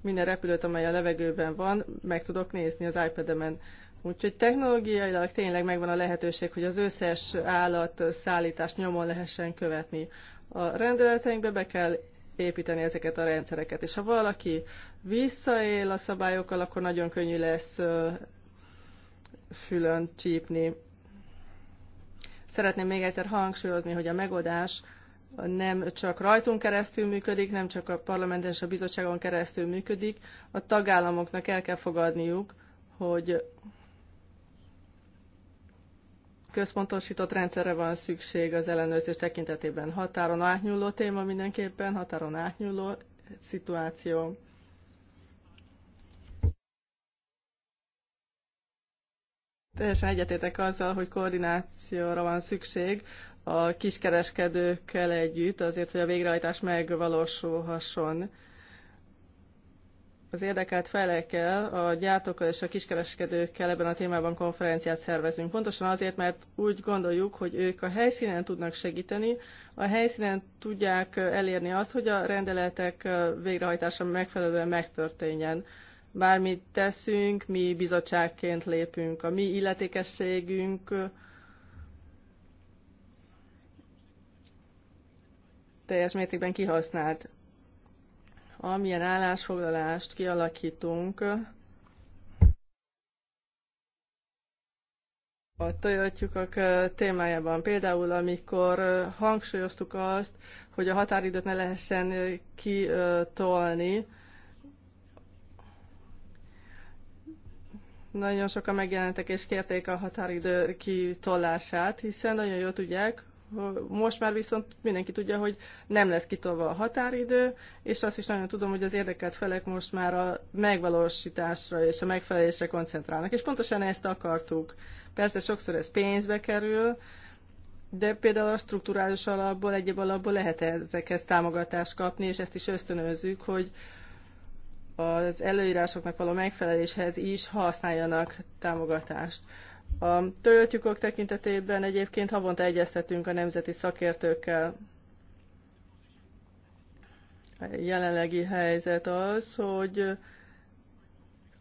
minden repülőt, amely a levegőben van, meg tudok nézni az iPad-emen. Úgyhogy technológiailag tényleg megvan a lehetőség, hogy az összes állat szállítást nyomon lehessen követni. A rendeleteinkbe be kell építeni ezeket a rendszereket, és ha valaki visszaél a szabályokkal, akkor nagyon könnyű lesz fülön csípni. Szeretném még egyszer hangsúlyozni, hogy a megoldás nem csak rajtunk keresztül működik, nem csak a parlamenten és a bizottságon keresztül működik, a tagállamoknak el kell fogadniuk, hogy központosított rendszerre van szükség az ellenőrzés tekintetében. Határon átnyúló téma mindenképpen, határon átnyúló szituáció. teljesen egyetétek azzal, hogy koordinációra van szükség a kiskereskedőkkel együtt, azért, hogy a végrehajtás megvalósulhasson. Az érdekelt felekkel, a gyártókkal és a kiskereskedőkkel ebben a témában konferenciát szervezünk. Pontosan azért, mert úgy gondoljuk, hogy ők a helyszínen tudnak segíteni, a helyszínen tudják elérni azt, hogy a rendeletek végrehajtása megfelelően megtörténjen bármit teszünk, mi bizottságként lépünk. A mi illetékességünk teljes mértékben kihasznált. Amilyen állásfoglalást kialakítunk, a a témájában. Például, amikor hangsúlyoztuk azt, hogy a határidőt ne lehessen kitolni, Nagyon sokan megjelentek és kérték a határidő kitolását, hiszen nagyon jól tudják, most már viszont mindenki tudja, hogy nem lesz kitolva a határidő, és azt is nagyon tudom, hogy az érdekelt felek most már a megvalósításra és a megfelelésre koncentrálnak. És pontosan ezt akartuk. Persze sokszor ez pénzbe kerül, de például a strukturális alapból, egyéb alapból lehet ezekhez támogatást kapni, és ezt is ösztönözzük, hogy az előírásoknak való megfeleléshez is használjanak támogatást. A töltyükök tekintetében egyébként havonta egyeztetünk a nemzeti szakértőkkel. A jelenlegi helyzet az, hogy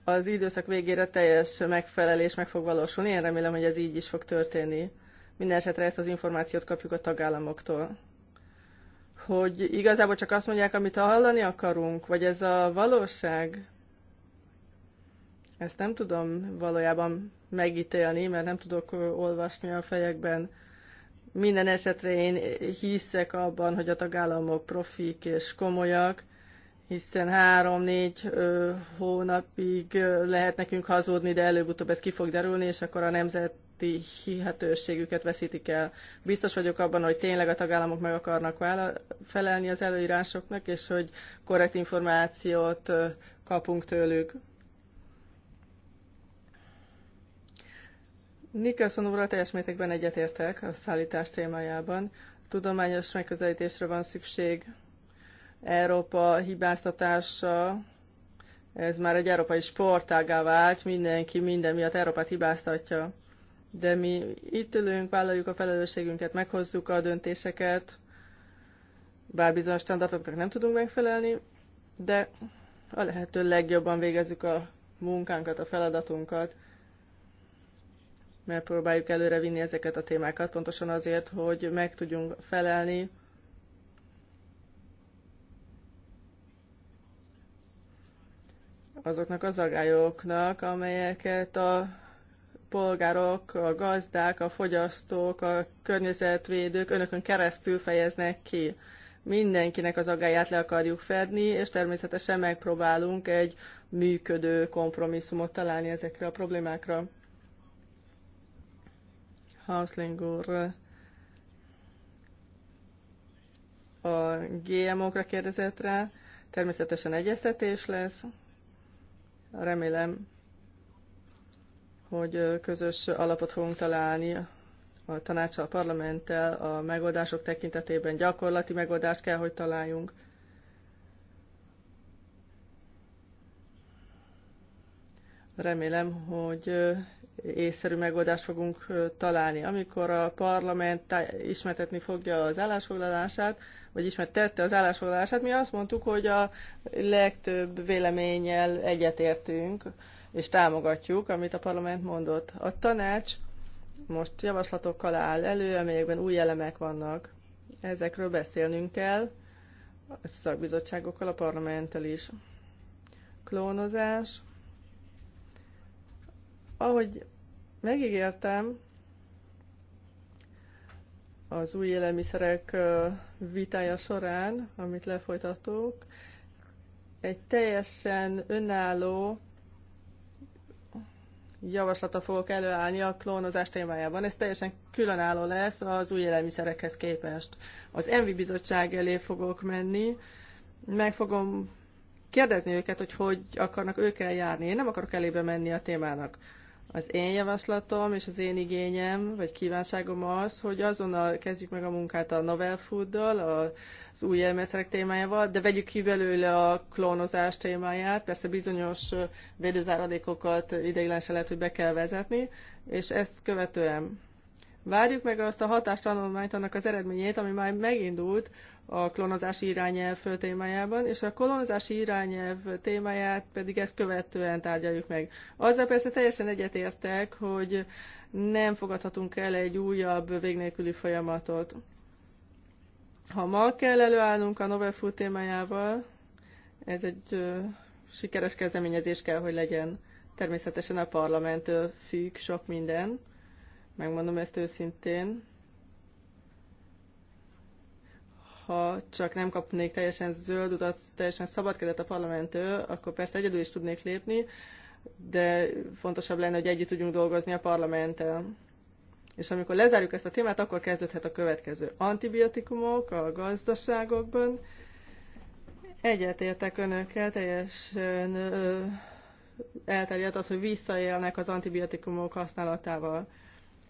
az időszak végére teljes megfelelés meg fog valósulni. Én remélem, hogy ez így is fog történni. Minden esetre ezt az információt kapjuk a tagállamoktól hogy igazából csak azt mondják, amit hallani akarunk, vagy ez a valóság? Ezt nem tudom valójában megítélni, mert nem tudok olvasni a fejekben. Minden esetre én hiszek abban, hogy a tagállamok profik és komolyak, hiszen három-négy hónapig lehet nekünk hazudni, de előbb-utóbb ez ki fog derülni, és akkor a nemzet hihetőségüket veszítik el. Biztos vagyok abban, hogy tényleg a tagállamok meg akarnak felelni az előírásoknak, és hogy korrekt információt kapunk tőlük. Nicholson úrral teljes mértékben egyetértek a szállítás témájában. Tudományos megközelítésre van szükség. Európa hibáztatása, ez már egy európai sportágá vált, mindenki minden miatt Európát hibáztatja de mi itt ülünk, vállaljuk a felelősségünket, meghozzuk a döntéseket, bár bizonyos standardoknak nem tudunk megfelelni, de a lehető legjobban végezzük a munkánkat, a feladatunkat, mert próbáljuk előre vinni ezeket a témákat, pontosan azért, hogy meg tudjunk felelni azoknak az agályoknak, amelyeket a polgárok, a gazdák, a fogyasztók, a környezetvédők önökön keresztül fejeznek ki. Mindenkinek az aggáját le akarjuk fedni, és természetesen megpróbálunk egy működő kompromisszumot találni ezekre a problémákra. Hausling úr a GMO-kra kérdezett rá. Természetesen egyeztetés lesz. Remélem hogy közös alapot fogunk találni a tanácsa a parlamenttel, a megoldások tekintetében gyakorlati megoldást kell, hogy találjunk. Remélem, hogy észszerű megoldást fogunk találni. Amikor a parlament ismertetni fogja az állásfoglalását, vagy ismertette az állásfoglalását, mi azt mondtuk, hogy a legtöbb véleménnyel egyetértünk, és támogatjuk, amit a parlament mondott. A tanács most javaslatokkal áll elő, amelyekben új elemek vannak. Ezekről beszélnünk kell, a szakbizottságokkal, a parlamenttel is. Klónozás. Ahogy megígértem, az új élelmiszerek vitája során, amit lefolytatók, egy teljesen önálló javaslata fogok előállni a klónozás témájában. Ez teljesen különálló lesz az új élelmiszerekhez képest. Az Envi Bizottság elé fogok menni, meg fogom kérdezni őket, hogy hogy akarnak ők eljárni. Én nem akarok elébe menni a témának. Az én javaslatom és az én igényem, vagy kívánságom az, hogy azonnal kezdjük meg a munkát a novel fooddal, az új élelmiszerek témájával, de vegyük ki belőle a klónozás témáját, persze bizonyos védőzáradékokat ideiglenesen lehet, hogy be kell vezetni, és ezt követően várjuk meg azt a hatástanulmányt, annak az eredményét, ami már megindult a klónozási irányelv témájában, és a klónozási irányelv témáját pedig ezt követően tárgyaljuk meg. Azzal persze teljesen egyetértek, hogy nem fogadhatunk el egy újabb végnélküli folyamatot. Ha ma kell előállnunk a Novel Food témájával, ez egy ö, sikeres kezdeményezés kell, hogy legyen. Természetesen a parlamenttől függ sok minden, megmondom ezt őszintén. ha csak nem kapnék teljesen zöld utat, teljesen szabad kezet a parlamenttől, akkor persze egyedül is tudnék lépni, de fontosabb lenne, hogy együtt tudjunk dolgozni a parlamenttel. És amikor lezárjuk ezt a témát, akkor kezdődhet a következő. Antibiotikumok a gazdaságokban. Egyetértek önökkel, teljesen elterjedt az, hogy visszaélnek az antibiotikumok használatával.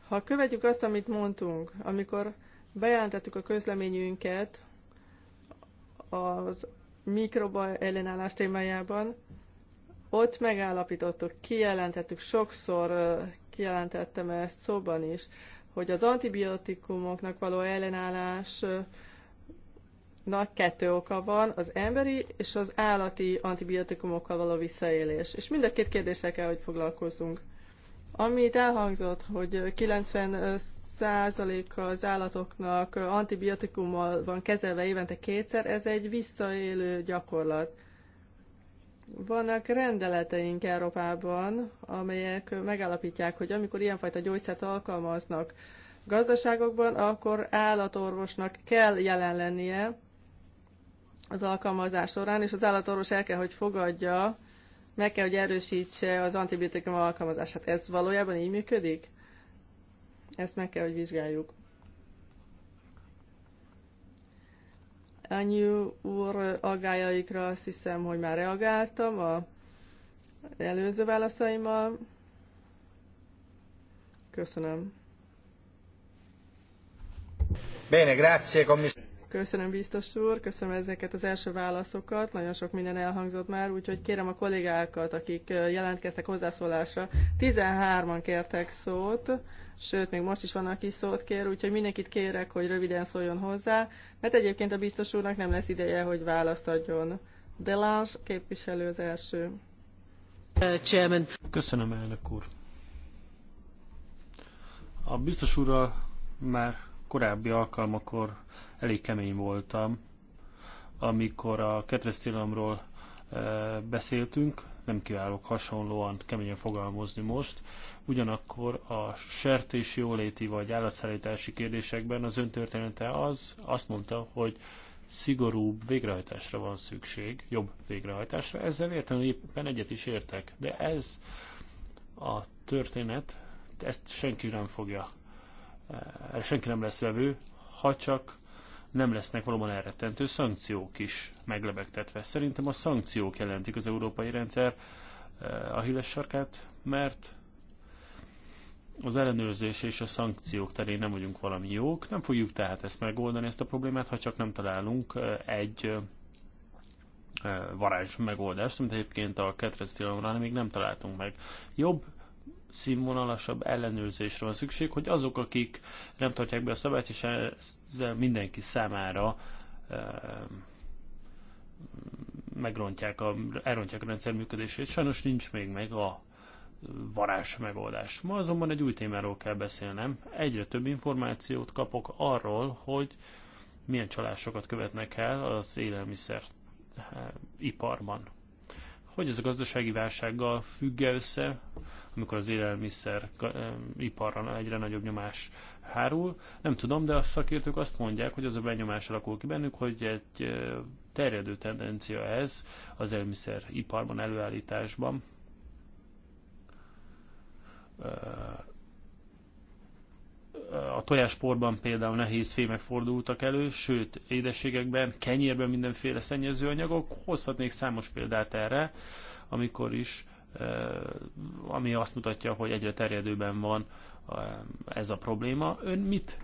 Ha követjük azt, amit mondtunk, amikor bejelentettük a közleményünket, az mikroba ellenállás témájában. Ott megállapítottuk, kijelentettük, sokszor kijelentettem ezt szóban is, hogy az antibiotikumoknak való ellenállás Nagy kettő oka van, az emberi és az állati antibiotikumokkal való visszaélés. És mind a két kérdésre kell, hogy foglalkozzunk. Amit elhangzott, hogy 90 százaléka az állatoknak antibiotikummal van kezelve évente kétszer, ez egy visszaélő gyakorlat. Vannak rendeleteink Európában, amelyek megállapítják, hogy amikor ilyenfajta gyógyszert alkalmaznak gazdaságokban, akkor állatorvosnak kell jelen lennie az alkalmazás során, és az állatorvos el kell, hogy fogadja, meg kell, hogy erősítse az antibiotikum alkalmazását. Ez valójában így működik? Ezt meg kell, hogy vizsgáljuk. Anyu úr aggájaikra azt hiszem, hogy már reagáltam a előző válaszaimmal. Köszönöm. Bene, grazie, Köszönöm, biztos úr, köszönöm ezeket az első válaszokat, nagyon sok minden elhangzott már, úgyhogy kérem a kollégákat, akik jelentkeztek hozzászólásra, 13-an kértek szót, sőt, még most is van, aki szót kér, úgyhogy mindenkit kérek, hogy röviden szóljon hozzá, mert egyébként a biztos úrnak nem lesz ideje, hogy választ adjon. Delange képviselő az első. Uh, chairman. Köszönöm, elnök úr. A biztos úrral már korábbi alkalmakor elég kemény voltam, amikor a kedvesztilalomról uh, beszéltünk, nem kiválok hasonlóan keményen fogalmazni most, ugyanakkor a sertés jóléti vagy állatszállítási kérdésekben az öntörténete az, azt mondta, hogy szigorúbb végrehajtásra van szükség, jobb végrehajtásra. Ezzel értem, éppen egyet is értek, de ez a történet, ezt senki nem fogja, eh, senki nem lesz vevő, ha csak nem lesznek valóban elrettentő szankciók is meglebegtetve. Szerintem a szankciók jelentik az európai rendszer eh, a híles sarkát, mert az ellenőrzés és a szankciók terén nem vagyunk valami jók, nem fogjuk tehát ezt megoldani, ezt a problémát, ha csak nem találunk eh, egy eh, varázs megoldást, amit egyébként a ketreztilalomra még nem találtunk meg. Jobb színvonalasabb ellenőrzésre van szükség, hogy azok, akik nem tartják be a szabályt, és ezzel mindenki számára megrontják, a, elrontják a rendszer működését. Sajnos nincs még meg a varázs megoldás. Ma azonban egy új témáról kell beszélnem. Egyre több információt kapok arról, hogy milyen csalásokat követnek el az élelmiszer eh, iparban. Hogy ez a gazdasági válsággal függ -e össze, amikor az élelmiszer iparra egyre nagyobb nyomás hárul. Nem tudom, de a szakértők azt mondják, hogy az a benyomás alakul ki bennük, hogy egy terjedő tendencia ez az élelmiszer iparban, előállításban. A tojásporban például nehéz fémek fordultak elő, sőt, édességekben, kenyérben mindenféle szennyezőanyagok. Hozhatnék számos példát erre, amikor is ami azt mutatja, hogy egyre terjedőben van ez a probléma. Ön mit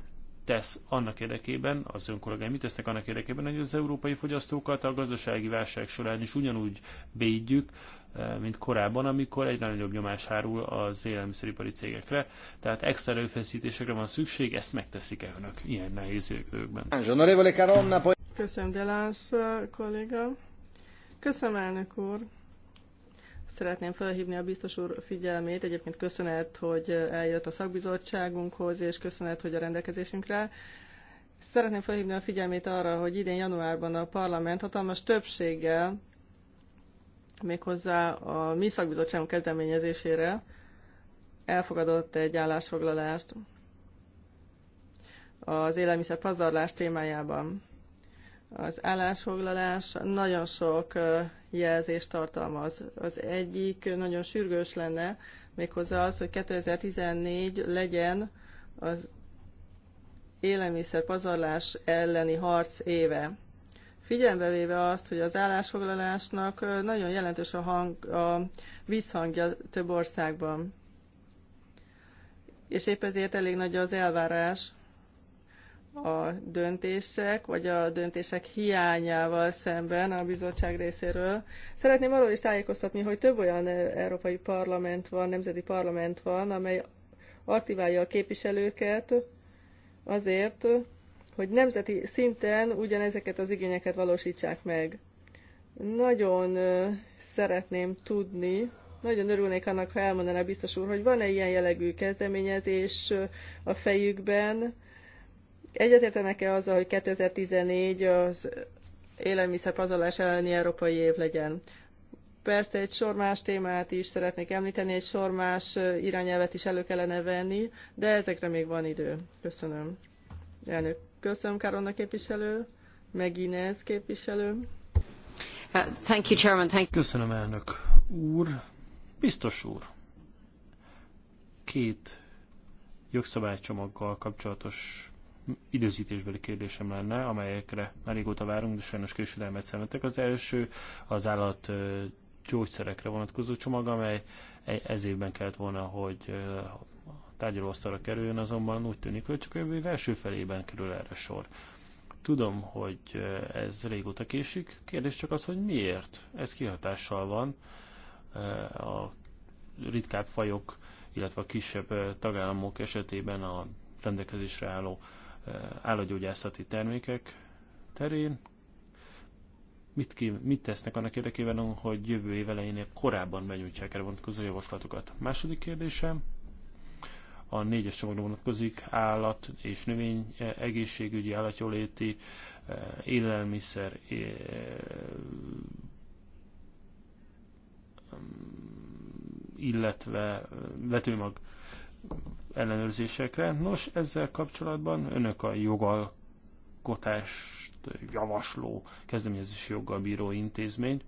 tesz annak érdekében, az ön kollégáim mit tesznek annak érdekében, hogy az európai fogyasztókat a gazdasági válság során is ugyanúgy védjük, mint korábban, amikor egyre nagyobb nyomás hárul az élelmiszeripari cégekre. Tehát extra előfeszítésekre van szükség, ezt megteszik-e önök ilyen nehéz időkben? Köszönöm, Delász kolléga. Köszönöm, elnök úr. Szeretném felhívni a biztos úr figyelmét. Egyébként köszönet, hogy eljött a szakbizottságunkhoz, és köszönet, hogy a rendelkezésünkre. Szeretném felhívni a figyelmét arra, hogy idén januárban a parlament hatalmas többséggel, méghozzá a mi szakbizottságunk kezdeményezésére elfogadott egy állásfoglalást az élelmiszer pazarlás témájában. Az állásfoglalás nagyon sok jelzést tartalmaz. Az egyik nagyon sürgős lenne, méghozzá az, hogy 2014 legyen az élelmiszer elleni harc éve. Figyelembe véve azt, hogy az állásfoglalásnak nagyon jelentős a, hang, a visszhangja több országban. És épp ezért elég nagy az elvárás, a döntések, vagy a döntések hiányával szemben a bizottság részéről. Szeretném arról is tájékoztatni, hogy több olyan eh, európai parlament van, nemzeti parlament van, amely aktiválja a képviselőket azért, hogy nemzeti szinten ugyanezeket az igényeket valósítsák meg. Nagyon eh, szeretném tudni, nagyon örülnék annak, ha elmondaná biztos úr, hogy van-e ilyen jellegű kezdeményezés eh, a fejükben, Egyetértenek-e azzal, hogy 2014 az pazarlás elleni európai év legyen? Persze egy sor más témát is szeretnék említeni, egy sor más irányelvet is elő kellene venni, de ezekre még van idő. Köszönöm. Elnök, köszönöm Káronna képviselő, meg Inez képviselő. Uh, thank you, Chairman. Thank you. Köszönöm, elnök úr. Biztos úr. Két jogszabálycsomaggal kapcsolatos időzítésbeli kérdésem lenne, amelyekre már régóta várunk, de sajnos késedelmet szemetek. Az első az állat gyógyszerekre vonatkozó csomag, amely e-, ez évben kellett volna, hogy tárgyalóasztalra kerüljön, azonban úgy tűnik, hogy csak jövő első felében kerül erre sor. Tudom, hogy ez régóta késik, kérdés csak az, hogy miért. Ez kihatással van a ritkább fajok, illetve a kisebb tagállamok esetében a rendelkezésre álló Eh, állagyógyászati termékek terén. Mit, ki, mit tesznek annak érdekében, hogy jövő év elejénél korábban benyújtsák erre vonatkozó javaslatokat? Második kérdésem a négyes csomagra vonatkozik állat és növény eh, egészségügyi, állatjóléti, eh, élelmiszer, mm, illetve vetőmag ellenőrzésekre. Nos, ezzel kapcsolatban önök a jogalkotást javasló kezdeményezési joggal bíró intézmény.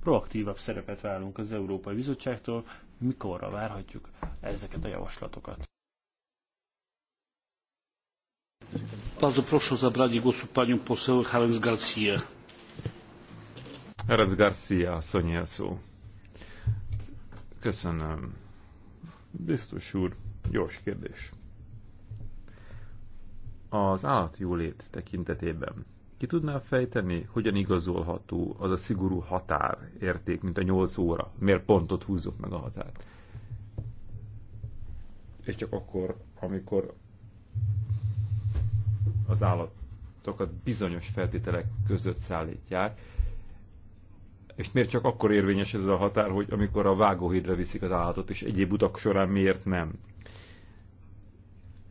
proaktívabb szerepet várunk az Európai Bizottságtól, mikorra várhatjuk ezeket a javaslatokat. Bardzo proszę o zabranie głosu panią poseł Harens Garcia. Harens Garcia, Sonia Szó. Köszönöm. Biztos úr, gyors kérdés. Az állatjólét tekintetében ki tudná fejteni, hogyan igazolható az a szigorú határ érték, mint a 8 óra? Miért pontot húzok meg a határt? És csak akkor, amikor az állatokat bizonyos feltételek között szállítják, és miért csak akkor érvényes ez a határ, hogy amikor a vágóhídra viszik az állatot, és egyéb utak során miért nem?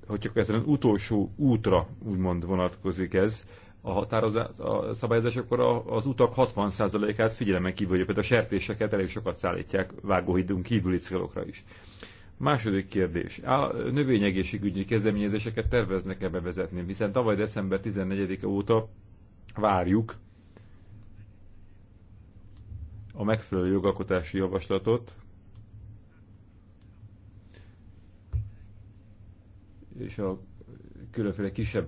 Hogy csak ezen az utolsó útra úgymond vonatkozik ez, a határozás, a szabályozás, akkor az utak 60%-át figyelemen kívül, hogy például a sertéseket elég sokat szállítják vágóhidunk kívüli célokra is. Második kérdés. A növényegészségügyi kezdeményezéseket terveznek-e bevezetni, hiszen tavaly december 14-e óta várjuk a megfelelő jogalkotási javaslatot, és a különféle kisebb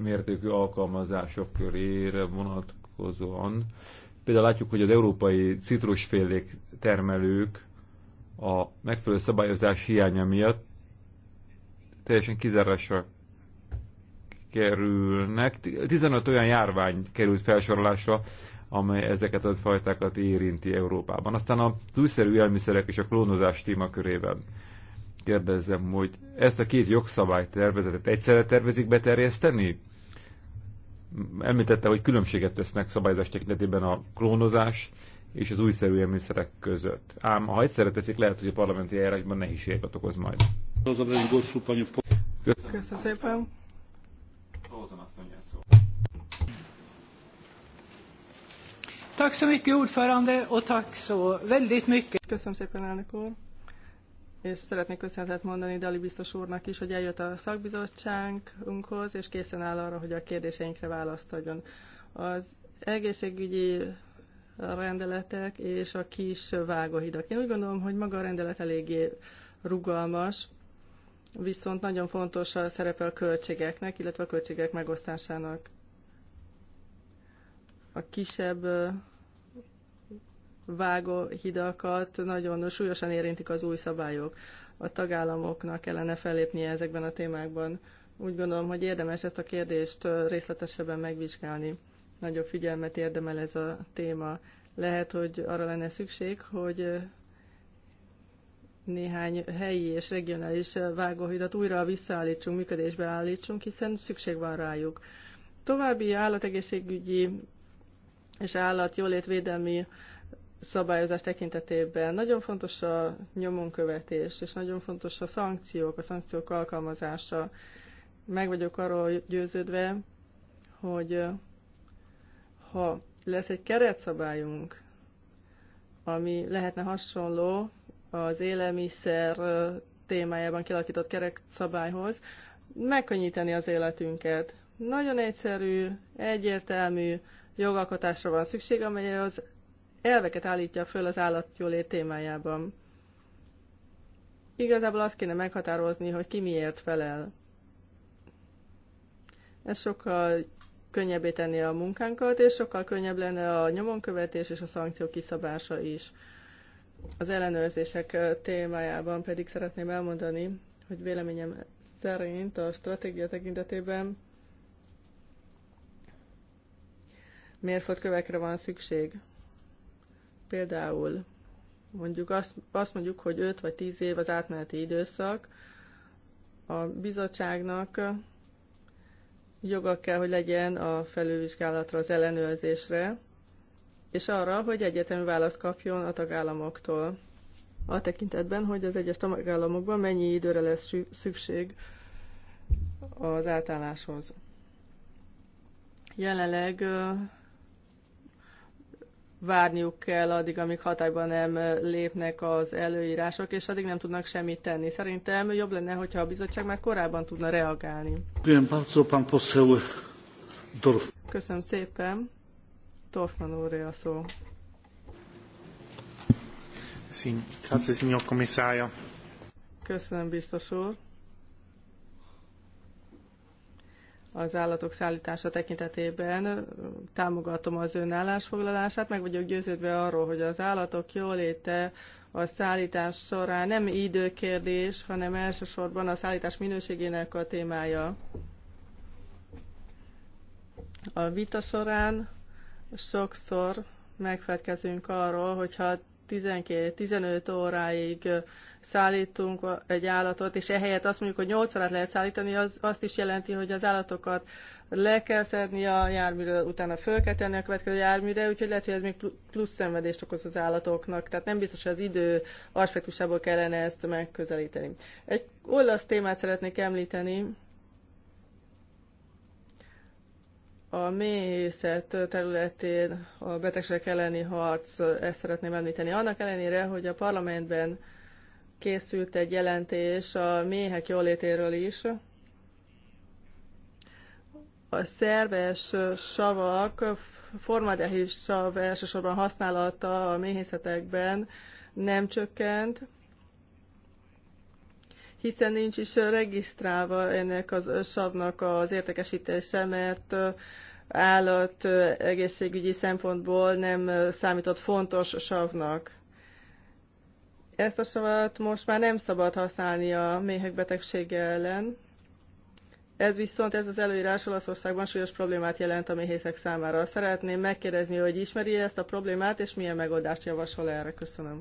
mértékű alkalmazások körére vonatkozóan. Például látjuk, hogy az európai citrusfélék termelők a megfelelő szabályozás hiánya miatt teljesen kizárásra kerülnek. 15 olyan járvány került felsorolásra, amely ezeket a fajtákat érinti Európában. Aztán az újszerű élmiszerek és a klónozás témakörében kérdezem, hogy ezt a két jogszabálytervezetet egyszerre tervezik beterjeszteni? Említette, hogy különbséget tesznek szabályozás tekintetében a klónozás és az újszerű élmiszerek között. Ám ha egyszerre teszik, lehet, hogy a parlamenti eljárásban nehézséget okoz majd. Köszönöm, Köszönöm szépen. Tack så mycket ordförande och tack så väldigt mycket. Köszönöm szépen elnök úr. És szeretnék köszönetet mondani Dali biztos úrnak is, hogy eljött a szakbizottságunkhoz, és készen áll arra, hogy a kérdéseinkre választ adjon. Az egészségügyi rendeletek és a kis vágóhidak. Én úgy gondolom, hogy maga a rendelet eléggé rugalmas, viszont nagyon fontos a szerepe a költségeknek, illetve a költségek megosztásának a kisebb vágóhidakat nagyon súlyosan érintik az új szabályok. A tagállamoknak kellene fellépnie ezekben a témákban. Úgy gondolom, hogy érdemes ezt a kérdést részletesebben megvizsgálni. Nagyobb figyelmet érdemel ez a téma. Lehet, hogy arra lenne szükség, hogy néhány helyi és regionális vágóhidat újra visszaállítsunk, működésbe állítsunk, hiszen szükség van rájuk. További állategészségügyi és állatjólétvédelmi szabályozás tekintetében nagyon fontos a nyomonkövetés, és nagyon fontos a szankciók, a szankciók alkalmazása. Meg vagyok arról győződve, hogy ha lesz egy keretszabályunk, ami lehetne hasonló az élelmiszer témájában kialakított keretszabályhoz, megkönnyíteni az életünket. Nagyon egyszerű, egyértelmű, jogalkotásra van szükség, amely az elveket állítja föl az állatjólét témájában. Igazából azt kéne meghatározni, hogy ki miért felel. Ez sokkal könnyebbé tenni a munkánkat, és sokkal könnyebb lenne a nyomonkövetés és a szankció kiszabása is. Az ellenőrzések témájában pedig szeretném elmondani, hogy véleményem szerint a stratégia tekintetében mérföldkövekre van szükség. Például mondjuk azt, azt mondjuk, hogy 5 vagy 10 év az átmeneti időszak, a bizottságnak joga kell, hogy legyen a felülvizsgálatra, az ellenőrzésre, és arra, hogy egyetemi választ kapjon a tagállamoktól a tekintetben, hogy az egyes tagállamokban mennyi időre lesz szükség az átálláshoz. Jelenleg várniuk kell addig, amíg hatályban nem lépnek az előírások, és addig nem tudnak semmit tenni. Szerintem jobb lenne, hogyha a bizottság már korábban tudna reagálni. Köszönöm szépen. Dorfman úr a szó. Köszönöm, biztos úr. az állatok szállítása tekintetében támogatom az ön állásfoglalását, meg vagyok győződve arról, hogy az állatok jóléte a szállítás során nem időkérdés, hanem elsősorban a szállítás minőségének a témája. A vita során sokszor megfelelkezünk arról, hogyha 12-15 óráig szállítunk egy állatot, és ehelyett azt mondjuk, hogy 8 órát lehet szállítani, az azt is jelenti, hogy az állatokat le kell szedni a járműről, utána föl kell tenni a következő járműre, úgyhogy lehet, hogy ez még plusz szenvedést okoz az állatoknak. Tehát nem biztos, hogy az idő aspektusából kellene ezt megközelíteni. Egy olasz témát szeretnék említeni, a méhészet területén a betegségek elleni harc, ezt szeretném említeni. Annak ellenére, hogy a parlamentben készült egy jelentés a méhek jólétéről is. A szerves savak, formadehis sav elsősorban használata a méhészetekben nem csökkent, hiszen nincs is regisztrálva ennek az savnak az értékesítése, mert állat egészségügyi szempontból nem számított fontos savnak. Ezt a savat most már nem szabad használni a méhek betegsége ellen. Ez viszont, ez az előírás Olaszországban súlyos problémát jelent a méhészek számára. Szeretném megkérdezni, hogy ismeri -e ezt a problémát, és milyen megoldást javasol erre. Köszönöm.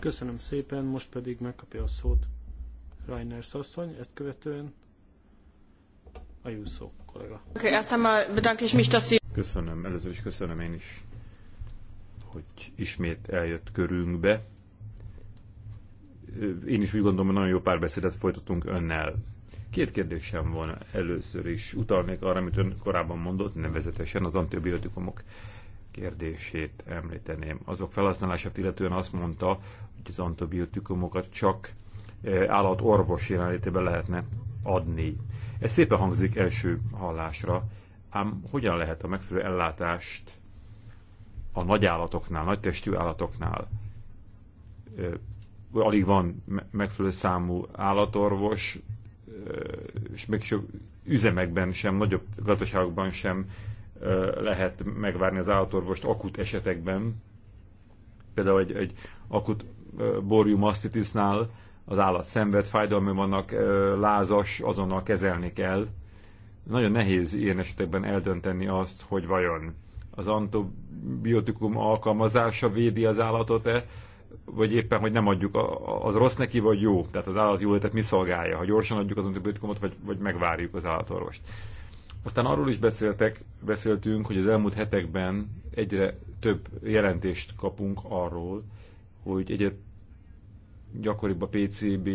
Köszönöm szépen, most pedig megkapja a szót Reiners asszony, ezt követően a kollega. Köszönöm, először is köszönöm én is, hogy ismét eljött körünkbe. Én is úgy gondolom, hogy nagyon jó párbeszédet folytatunk önnel. Két kérdésem van először is. Utalnék arra, amit ön korábban mondott, nevezetesen az antibiotikumok kérdését említeném. Azok felhasználását illetően azt mondta, hogy az antibiotikumokat csak állatorvos jelenlétében lehetne adni. Ez szépen hangzik első hallásra, ám hogyan lehet a megfelelő ellátást a nagy állatoknál, nagy testű állatoknál alig van megfelelő számú állatorvos, és még sok üzemekben sem, nagyobb gazdaságokban sem lehet megvárni az állatorvost akut esetekben. Például egy, egy akut borjumasztitisnál az állat szenved, fájdalmi vannak, lázas, azonnal kezelni kell. Nagyon nehéz ilyen esetekben eldönteni azt, hogy vajon az antibiotikum alkalmazása védi az állatot-e, vagy éppen, hogy nem adjuk, az rossz neki, vagy jó. Tehát az állat jólétet mi szolgálja, ha gyorsan adjuk az antibiotikumot, vagy, vagy megvárjuk az állatorvost. Aztán arról is beszéltek, beszéltünk, hogy az elmúlt hetekben egyre több jelentést kapunk arról, hogy egyre gyakoribb a PCB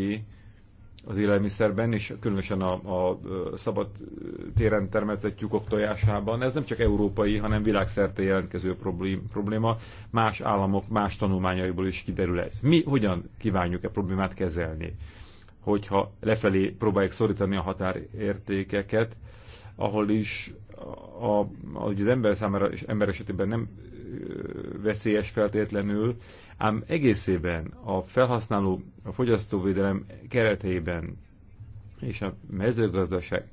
az élelmiszerben, és különösen a, a szabad téren termeltett tyúkok tojásában. Ez nem csak európai, hanem világszerte jelentkező probléma. Más államok, más tanulmányaiból is kiderül ez. Mi hogyan kívánjuk e problémát kezelni? Hogyha lefelé próbáljuk szorítani a határértékeket, ahol is a, az ember számára és ember esetében nem veszélyes feltétlenül, Ám egészében a felhasználó, a fogyasztóvédelem keretében és a mezőgazdaság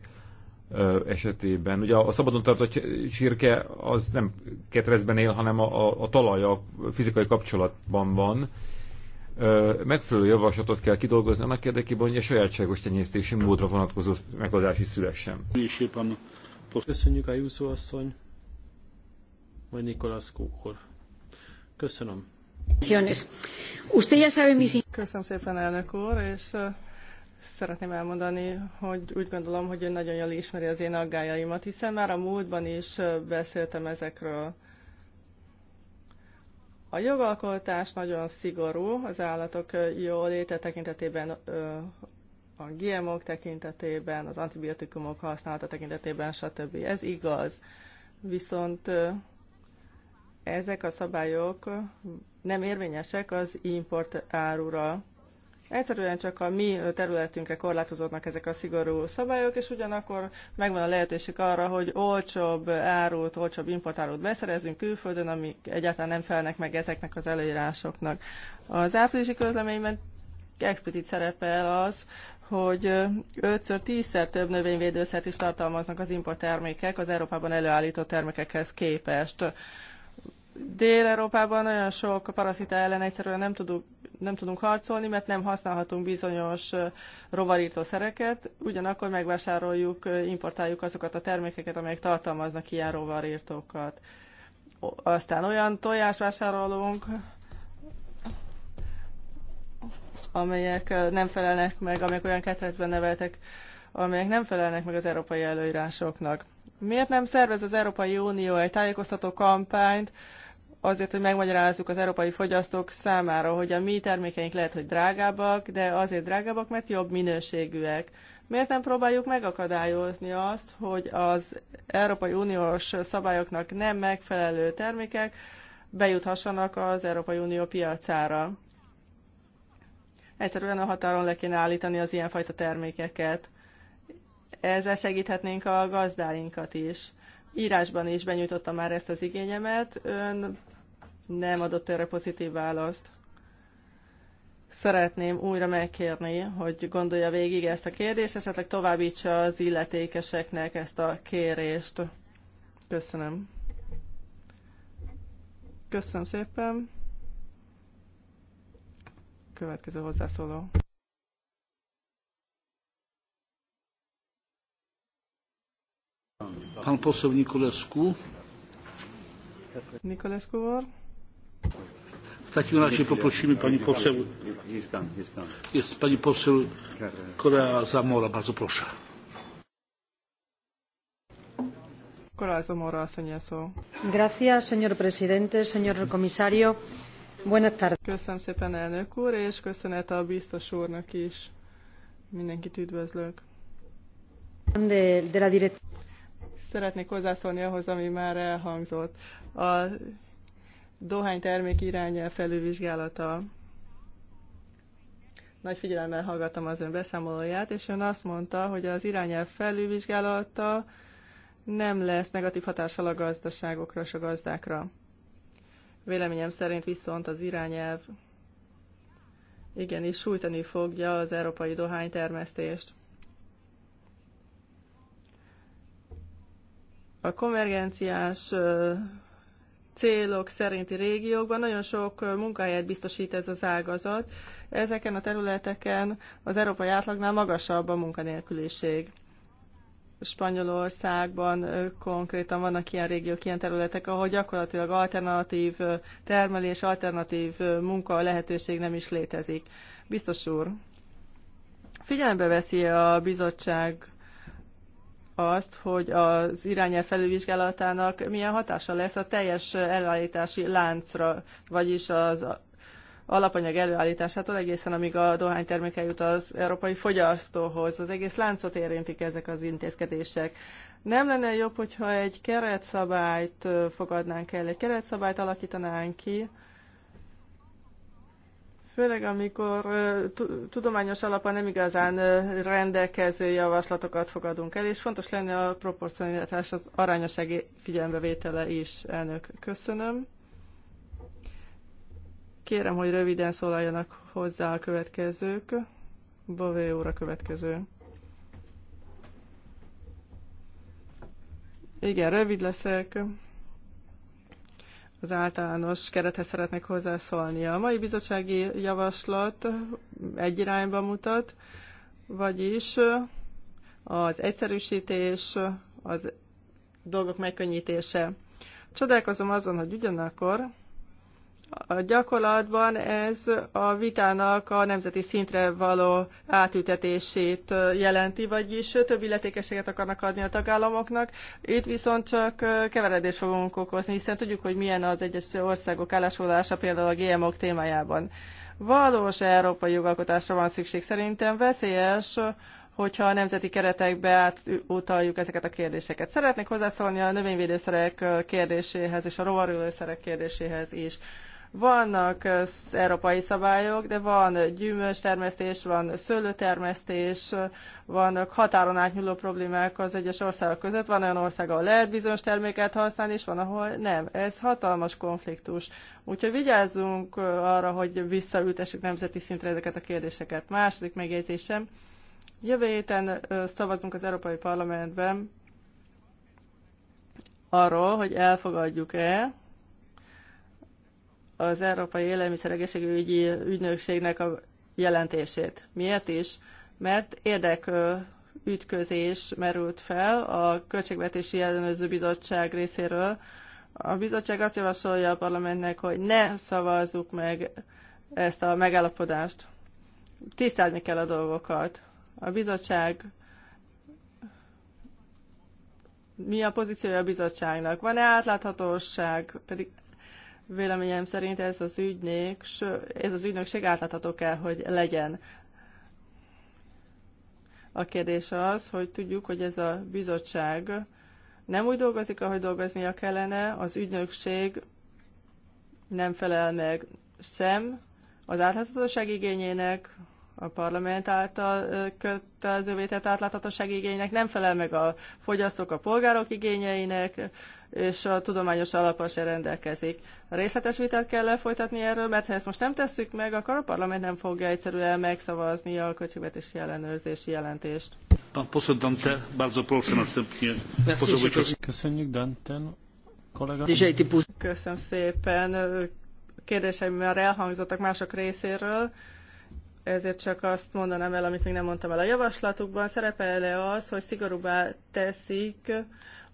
esetében. Ugye a szabadon tartott csirke az nem ketrezben él, hanem a, a, a talaj a fizikai kapcsolatban van. Megfelelő javaslatot kell kidolgozni annak érdekében, hogy a sajátságos tenyésztési módra vonatkozó megoldási szülessen. Köszönjük a Júzó asszony, vagy Nikolász Kókor. Köszönöm. Köszönöm szépen, elnök úr, és szeretném elmondani, hogy úgy gondolom, hogy ön nagyon jól ismeri az én aggájaimat, hiszen már a múltban is beszéltem ezekről. A jogalkotás nagyon szigorú az állatok jóléte tekintetében, a GMO-k tekintetében, az antibiotikumok használata tekintetében, stb. Ez igaz. Viszont ezek a szabályok nem érvényesek az import árura. Egyszerűen csak a mi területünkre korlátozódnak ezek a szigorú szabályok, és ugyanakkor megvan a lehetőség arra, hogy olcsóbb árut, olcsóbb importárut beszerezünk külföldön, ami egyáltalán nem felnek meg ezeknek az előírásoknak. Az áprilisi közleményben explicit szerepel az, hogy 5 10-szer több növényvédőszert is tartalmaznak az importtermékek az Európában előállított termékekhez képest. Dél-Európában nagyon sok parazita ellen egyszerűen nem, tudunk, nem tudunk harcolni, mert nem használhatunk bizonyos rovarírtószereket, ugyanakkor megvásároljuk, importáljuk azokat a termékeket, amelyek tartalmaznak ilyen rovarírtókat. Aztán olyan tojást vásárolunk, amelyek nem felelnek meg, amelyek olyan ketrecben neveltek, amelyek nem felelnek meg az európai előírásoknak. Miért nem szervez az Európai Unió egy tájékoztató kampányt azért, hogy megmagyarázzuk az európai fogyasztók számára, hogy a mi termékeink lehet, hogy drágábbak, de azért drágábbak, mert jobb minőségűek. Miért nem próbáljuk megakadályozni azt, hogy az Európai Uniós szabályoknak nem megfelelő termékek bejuthassanak az Európai Unió piacára? Egyszerűen a határon le kéne állítani az ilyenfajta termékeket. Ezzel segíthetnénk a gazdáinkat is írásban is benyújtottam már ezt az igényemet. Ön nem adott erre pozitív választ. Szeretném újra megkérni, hogy gondolja végig ezt a kérdést, esetleg továbbítsa az illetékeseknek ezt a kérést. Köszönöm. Köszönöm szépen. Következő hozzászóló. Pan poseł Nikolescu. Nikolescu volt. W takim razie poprosimy pani poseł. Jest pani poseł Korea Zamora, bardzo proszę. Korea Zamora, Gracias, señor presidente, señor comisario. Buenas tardes. Köszönöm szépen, elnök úr, és köszönet a biztos úrnak is. Mindenkit üdvözlök. De, de la direct... Szeretnék hozzászólni ahhoz, ami már elhangzott. A dohánytermék irányel felülvizsgálata. Nagy figyelemmel hallgattam az ön beszámolóját, és ön azt mondta, hogy az irányel felülvizsgálata nem lesz negatív hatással a gazdaságokra és a gazdákra. Véleményem szerint viszont az irányelv igenis sújtani fogja az európai dohánytermesztést. A konvergenciás célok szerinti régiókban nagyon sok munkahelyet biztosít ez az ágazat. Ezeken a területeken az európai átlagnál magasabb a munkanélküliség. Spanyolországban konkrétan vannak ilyen régiók, ilyen területek, ahol gyakorlatilag alternatív termelés, alternatív munka lehetőség nem is létezik. Biztos úr, figyelembe veszi a bizottság azt, hogy az irányel felülvizsgálatának milyen hatása lesz a teljes előállítási láncra, vagyis az alapanyag előállításától egészen, amíg a terméke jut az európai fogyasztóhoz. Az egész láncot érintik ezek az intézkedések. Nem lenne jobb, hogyha egy keretszabályt fogadnánk el, egy keretszabályt alakítanánk ki, Főleg, amikor tudományos alapon nem igazán rendelkező javaslatokat fogadunk el, és fontos lenne a proporcionalitás, az arányosági figyelembevétele is, elnök. Köszönöm. Kérem, hogy röviden szólaljanak hozzá a következők. Bové óra következő. Igen, rövid leszek az általános kerethez szeretnék hozzászólni. A mai bizottsági javaslat egy irányba mutat, vagyis az egyszerűsítés, az dolgok megkönnyítése. Csodálkozom azon, hogy ugyanakkor a gyakorlatban ez a vitának a nemzeti szintre való átültetését jelenti, vagyis több illetékességet akarnak adni a tagállamoknak. Itt viszont csak keveredést fogunk okozni, hiszen tudjuk, hogy milyen az egyes országok állásfoglalása például a GMO-k témájában. Valós európai jogalkotásra van szükség. Szerintem veszélyes, hogyha a nemzeti keretekbe átutaljuk ezeket a kérdéseket. Szeretnék hozzászólni a növényvédőszerek kérdéséhez és a rovarülőszerek kérdéséhez is. Vannak európai szabályok, de van gyümölcs termesztés, van szőlőtermesztés, vannak határon átnyúló problémák az egyes országok között. Van olyan ország, ahol lehet bizonyos terméket használni, és van, ahol nem. Ez hatalmas konfliktus. Úgyhogy vigyázzunk arra, hogy visszaültessük nemzeti szintre ezeket a kérdéseket. Második megjegyzésem. Jövő héten szavazunk az Európai Parlamentben arról, hogy elfogadjuk-e az Európai Egészségügyi Ügynökségnek a jelentését. Miért is? Mert érdek ütközés merült fel a Költségvetési Ellenőrző Bizottság részéről. A bizottság azt javasolja a parlamentnek, hogy ne szavazzuk meg ezt a megállapodást. Tisztázni kell a dolgokat. A bizottság mi a pozíciója a bizottságnak? Van-e átláthatóság? Pedig Véleményem szerint ez az, ügynék, ez az ügynökség átlátható kell, hogy legyen. A kérdés az, hogy tudjuk, hogy ez a bizottság nem úgy dolgozik, ahogy dolgoznia kellene, az ügynökség nem felel meg sem az átláthatóság igényének, a parlament által kötelezővé tett átláthatóság igénynek, nem felel meg a fogyasztók, a polgárok igényeinek, és a tudományos alapos se rendelkezik. Részletes vitát kell lefolytatni erről, mert ha ezt most nem tesszük meg, akkor a parlament nem fogja egyszerűen megszavazni a költségvetési ellenőrzési jelentést. Köszönjük, Danten. kollega. Köszönöm szépen. Kérdéseim már elhangzottak mások részéről ezért csak azt mondanám el, amit még nem mondtam el a javaslatukban. Szerepel-e az, hogy szigorúbbá teszik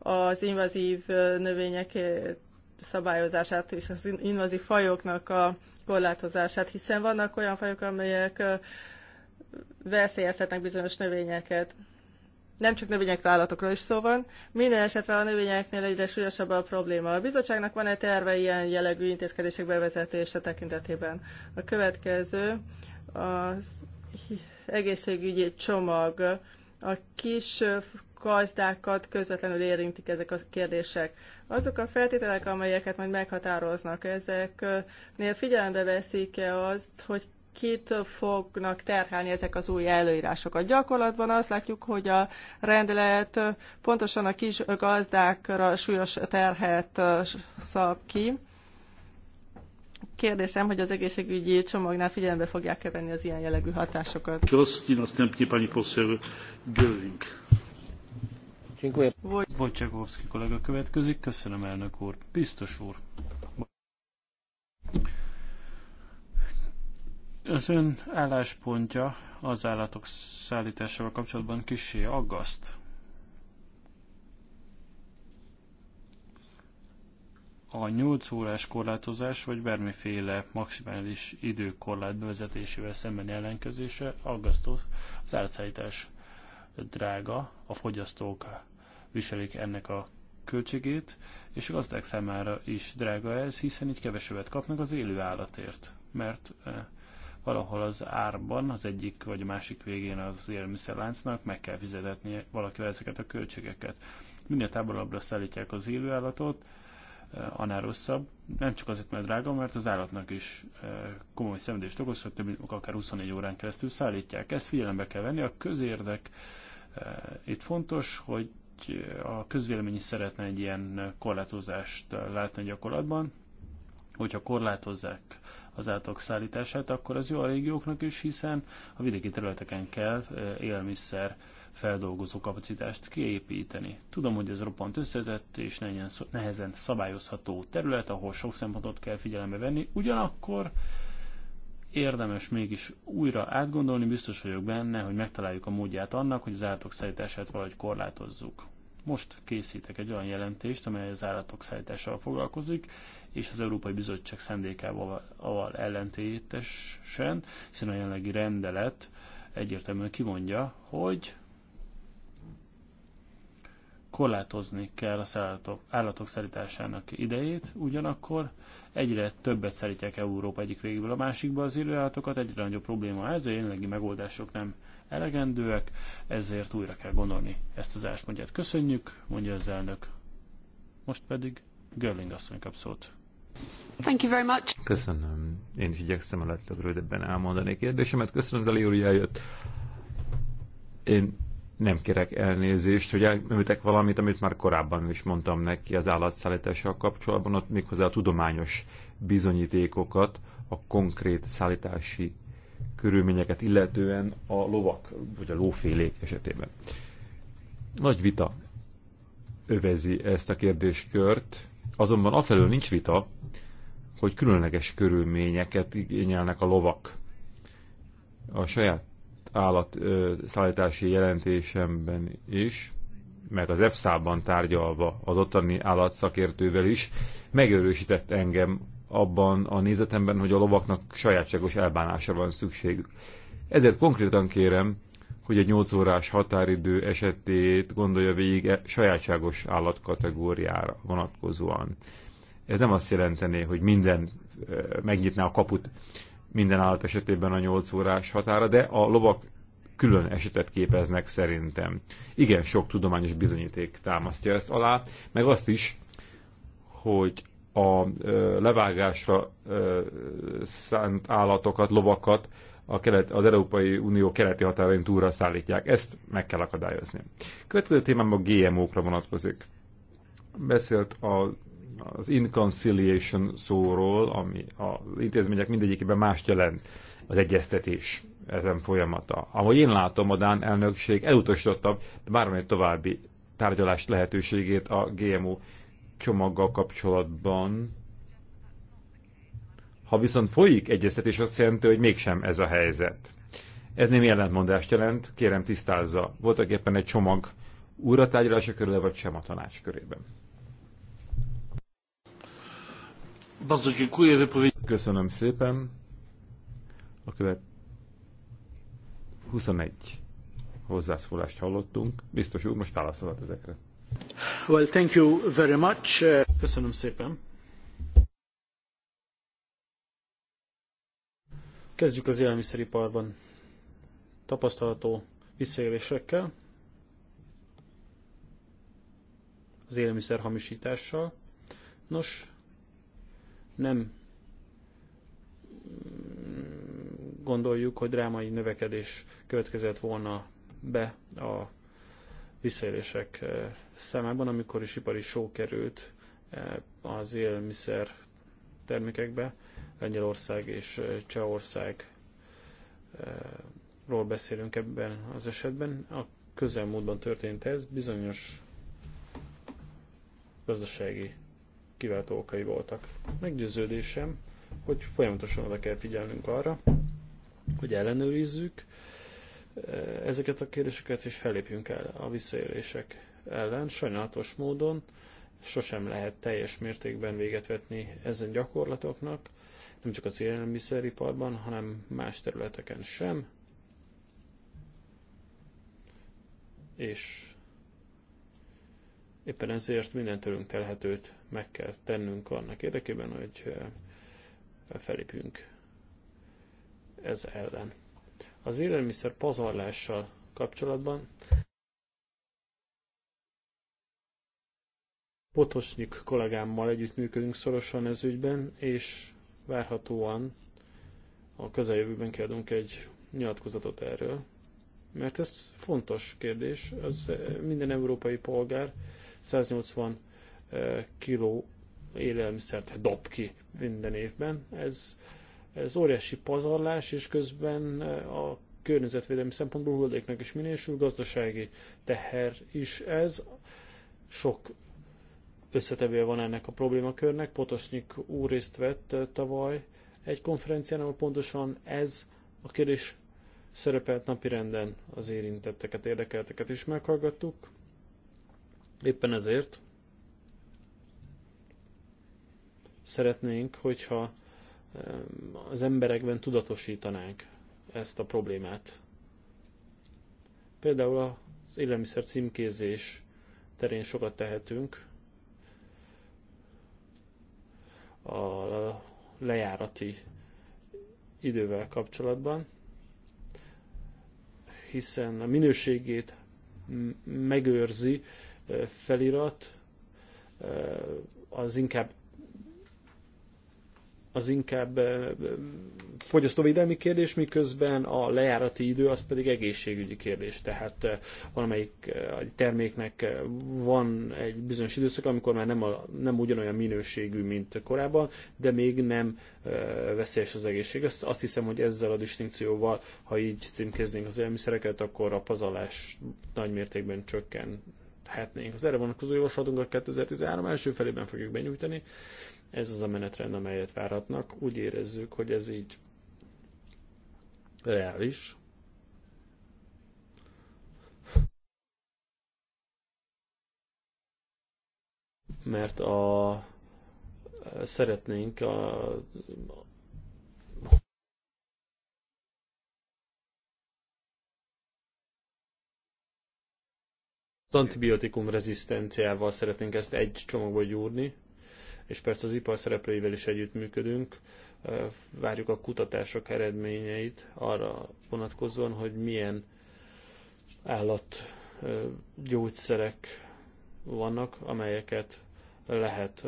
az invazív növények szabályozását és az invazív fajoknak a korlátozását, hiszen vannak olyan fajok, amelyek veszélyeztetnek bizonyos növényeket. Nem csak növényekről, állatokról is szó van. Minden esetre a növényeknél egyre súlyosabb a probléma. A bizottságnak van-e terve ilyen jellegű intézkedések bevezetése tekintetében? A következő az egészségügyi csomag. A kis gazdákat közvetlenül érintik ezek a kérdések. Azok a feltételek, amelyeket majd meghatároznak, ezeknél figyelembe veszik-e azt, hogy kit fognak terhelni ezek az új előírások. A gyakorlatban azt látjuk, hogy a rendelet pontosan a kis gazdákra súlyos terhet szab ki. Kérdésem, hogy az egészségügyi csomagnál figyelembe fogják-e venni az ilyen jellegű hatásokat. Köszönöm, aztán pani poseł Wojciechowski kollega következik. Köszönöm, elnök úr. Biztos úr. Az ön álláspontja az állatok szállításával kapcsolatban kisé aggaszt. A 8 órás korlátozás vagy bármiféle maximális időkorlát bevezetésével szembeni ellenkezése aggasztó. Az állatszállítás drága, a fogyasztók viselik ennek a költségét, és a gazdák számára is drága ez, hiszen így kevesebbet kapnak az élő állatért, mert eh, valahol az árban, az egyik vagy a másik végén az élelmiszerláncnak meg kell fizetni valakivel ezeket a költségeket. Minél táborabbra szállítják az élő állatot, eh, annál rosszabb. Nem csak azért, mert drága, mert az állatnak is eh, komoly szenvedést okoz, hogy több mint akár 24 órán keresztül szállítják. Ezt figyelembe kell venni. A közérdek itt fontos, hogy hogy a közvélemény is szeretne egy ilyen korlátozást látni gyakorlatban, hogyha korlátozzák az átok szállítását, akkor az jó a régióknak is, hiszen a vidéki területeken kell eh, élelmiszer feldolgozó kapacitást kiépíteni. Tudom, hogy ez roppant összetett és nehezen szabályozható terület, ahol sok szempontot kell figyelembe venni, ugyanakkor érdemes mégis újra átgondolni, biztos vagyok benne, hogy megtaláljuk a módját annak, hogy az állatok szállítását valahogy korlátozzuk. Most készítek egy olyan jelentést, amely az állatok szállítással foglalkozik, és az Európai Bizottság szendékával ellentétesen, hiszen a jelenlegi rendelet egyértelműen kimondja, hogy korlátozni kell az állatok, állatok szállításának idejét, ugyanakkor egyre többet szállítják Európa egyik végéből a másikba az élőállatokat, egyre nagyobb probléma ez, a jelenlegi megoldások nem elegendőek, ezért újra kell gondolni ezt az mondját. Köszönjük, mondja az elnök. Most pedig Görling asszony kap szót. Thank you very much. Köszönöm. Én is igyekszem a lehetőleg rövidebben elmondani kérdésemet. Köszönöm, Dali úr, eljött. Én nem kérek elnézést, hogy elműtek valamit, amit már korábban is mondtam neki az állatszállítással kapcsolatban, ott méghozzá a tudományos bizonyítékokat, a konkrét szállítási körülményeket illetően a lovak, vagy a lófélék esetében. Nagy vita övezi ezt a kérdéskört, azonban afelől nincs vita, hogy különleges körülményeket igényelnek a lovak. A saját állat szállítási jelentésemben is, meg az EFSA-ban tárgyalva az ottani állatszakértővel is, megerősített engem abban a nézetemben, hogy a lovaknak sajátságos elbánásra van szükségük. Ezért konkrétan kérem, hogy egy 8 órás határidő esetét gondolja végig e sajátságos állatkategóriára vonatkozóan. Ez nem azt jelentené, hogy minden megnyitná a kaput minden állat esetében a 8 órás határa, de a lovak külön esetet képeznek szerintem. Igen, sok tudományos bizonyíték támasztja ezt alá, meg azt is, hogy a levágásra szánt állatokat, lovakat a kelet, az Európai Unió keleti határain túlra szállítják. Ezt meg kell akadályozni. Következő témám a GMO-kra vonatkozik. Beszélt a, az inconciliation szóról, ami az intézmények mindegyikében mást jelent az egyeztetés ezen folyamata. Ahogy én látom, a Dán elnökség elutasította bármely további tárgyalás lehetőségét a GMO csomaggal kapcsolatban, ha viszont folyik egyeztetés, azt jelenti, hogy mégsem ez a helyzet. Ez nem jelentmondást jelent, kérem tisztázza. Voltak éppen egy csomag újra körül, vagy sem a tanács körében. Köszönöm szépen. A követ 21 hozzászólást hallottunk. Biztos úr, most válaszolhat ezekre. Well, thank you very much. Uh, Köszönöm szépen. Kezdjük az élelmiszeriparban tapasztalható visszaélésekkel, az élelmiszer hamisítással. Nos, nem gondoljuk, hogy drámai növekedés következett volna be a visszaélések eh, számában, amikor is ipari só került eh, az élmiszer termékekbe, Lengyelország és eh, Csehország ról beszélünk ebben az esetben. A közelmúltban történt ez, bizonyos gazdasági kiváltó okai voltak. Meggyőződésem, hogy folyamatosan oda kell figyelnünk arra, hogy ellenőrizzük, Eh, ezeket a kérdéseket, és fellépjünk el a visszaélések ellen. Sajnálatos módon sosem lehet teljes mértékben véget vetni ezen gyakorlatoknak, nem csak az élelmiszeriparban, hanem más területeken sem. És éppen ezért minden tőlünk telhetőt meg kell tennünk annak érdekében, hogy eh, felépjünk ez ellen. Az élelmiszer pazarlással kapcsolatban Potosnyik kollégámmal együttműködünk szorosan ez ügyben, és várhatóan a közeljövőben kiadunk egy nyilatkozatot erről. Mert ez fontos kérdés, az eh, minden európai polgár 180 eh, kiló élelmiszert dob ki minden évben. Ez ez óriási pazarlás, és közben eh, a környezetvédelmi szempontból hulladéknak is minősül, gazdasági teher is ez. Sok összetevője van ennek a problémakörnek. Potosnyik úr részt vett eh, tavaly egy konferencián, ahol pontosan ez a kérdés szerepelt napirenden az érintetteket, érdekelteket is meghallgattuk. Éppen ezért szeretnénk, hogyha az emberekben tudatosítanánk ezt a problémát. Például az élelmiszer címkézés terén sokat tehetünk. A lejárati idővel kapcsolatban, hiszen a minőségét megőrzi felirat, az inkább az inkább fogyasztóvédelmi kérdés, miközben a lejárati idő az pedig egészségügyi kérdés. Tehát valamelyik terméknek van egy bizonyos időszak, amikor már nem, a, nem ugyanolyan minőségű, mint korábban, de még nem veszélyes az egészség. Azt, azt hiszem, hogy ezzel a distinkcióval, ha így címkéznénk az élmiszereket, akkor a pazarlás nagy mértékben csökken. Az erre vonatkozó javaslatunkat 2013 első felében fogjuk benyújtani. Ez az a menetrend, amelyet várhatnak. Úgy érezzük, hogy ez így reális. Mert a szeretnénk a antibiotikum rezisztenciával szeretnénk ezt egy csomagba gyúrni és persze az ipar szereplőivel is együttműködünk. Várjuk a kutatások eredményeit arra vonatkozóan, hogy milyen állat gyógyszerek vannak, amelyeket lehet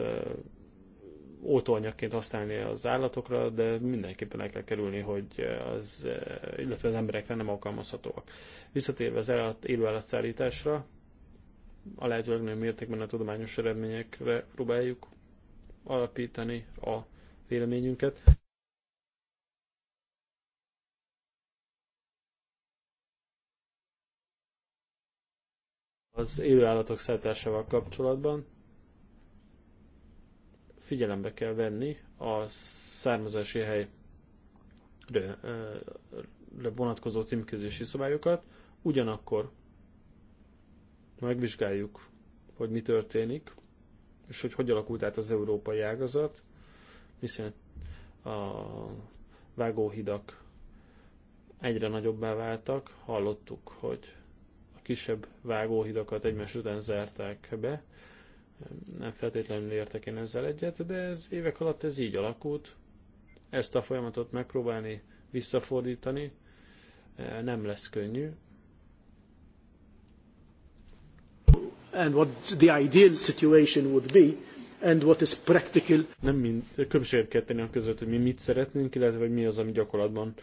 oltóanyagként használni az állatokra, de mindenképpen el kell kerülni, hogy az, illetve az emberekre nem alkalmazhatóak. Visszatérve az állat, élő állatszállításra, a lehető legnagyobb mértékben a tudományos eredményekre próbáljuk alapítani a véleményünket. Az élőállatok szeretésével kapcsolatban figyelembe kell venni a származási hely vonatkozó címkézési szabályokat, ugyanakkor megvizsgáljuk, hogy mi történik és hogy hogy alakult át az európai ágazat, hiszen a vágóhidak egyre nagyobbá váltak, hallottuk, hogy a kisebb vágóhidakat egymás után zárták be, nem feltétlenül értek én ezzel egyet, de ez évek alatt ez így alakult. Ezt a folyamatot megpróbálni visszafordítani nem lesz könnyű, and what the ideal situation would be and what is practical. Nem mind, különbséget kell tenni a között, hogy mi mit szeretnénk, illetve hogy mi az, ami gyakorlatban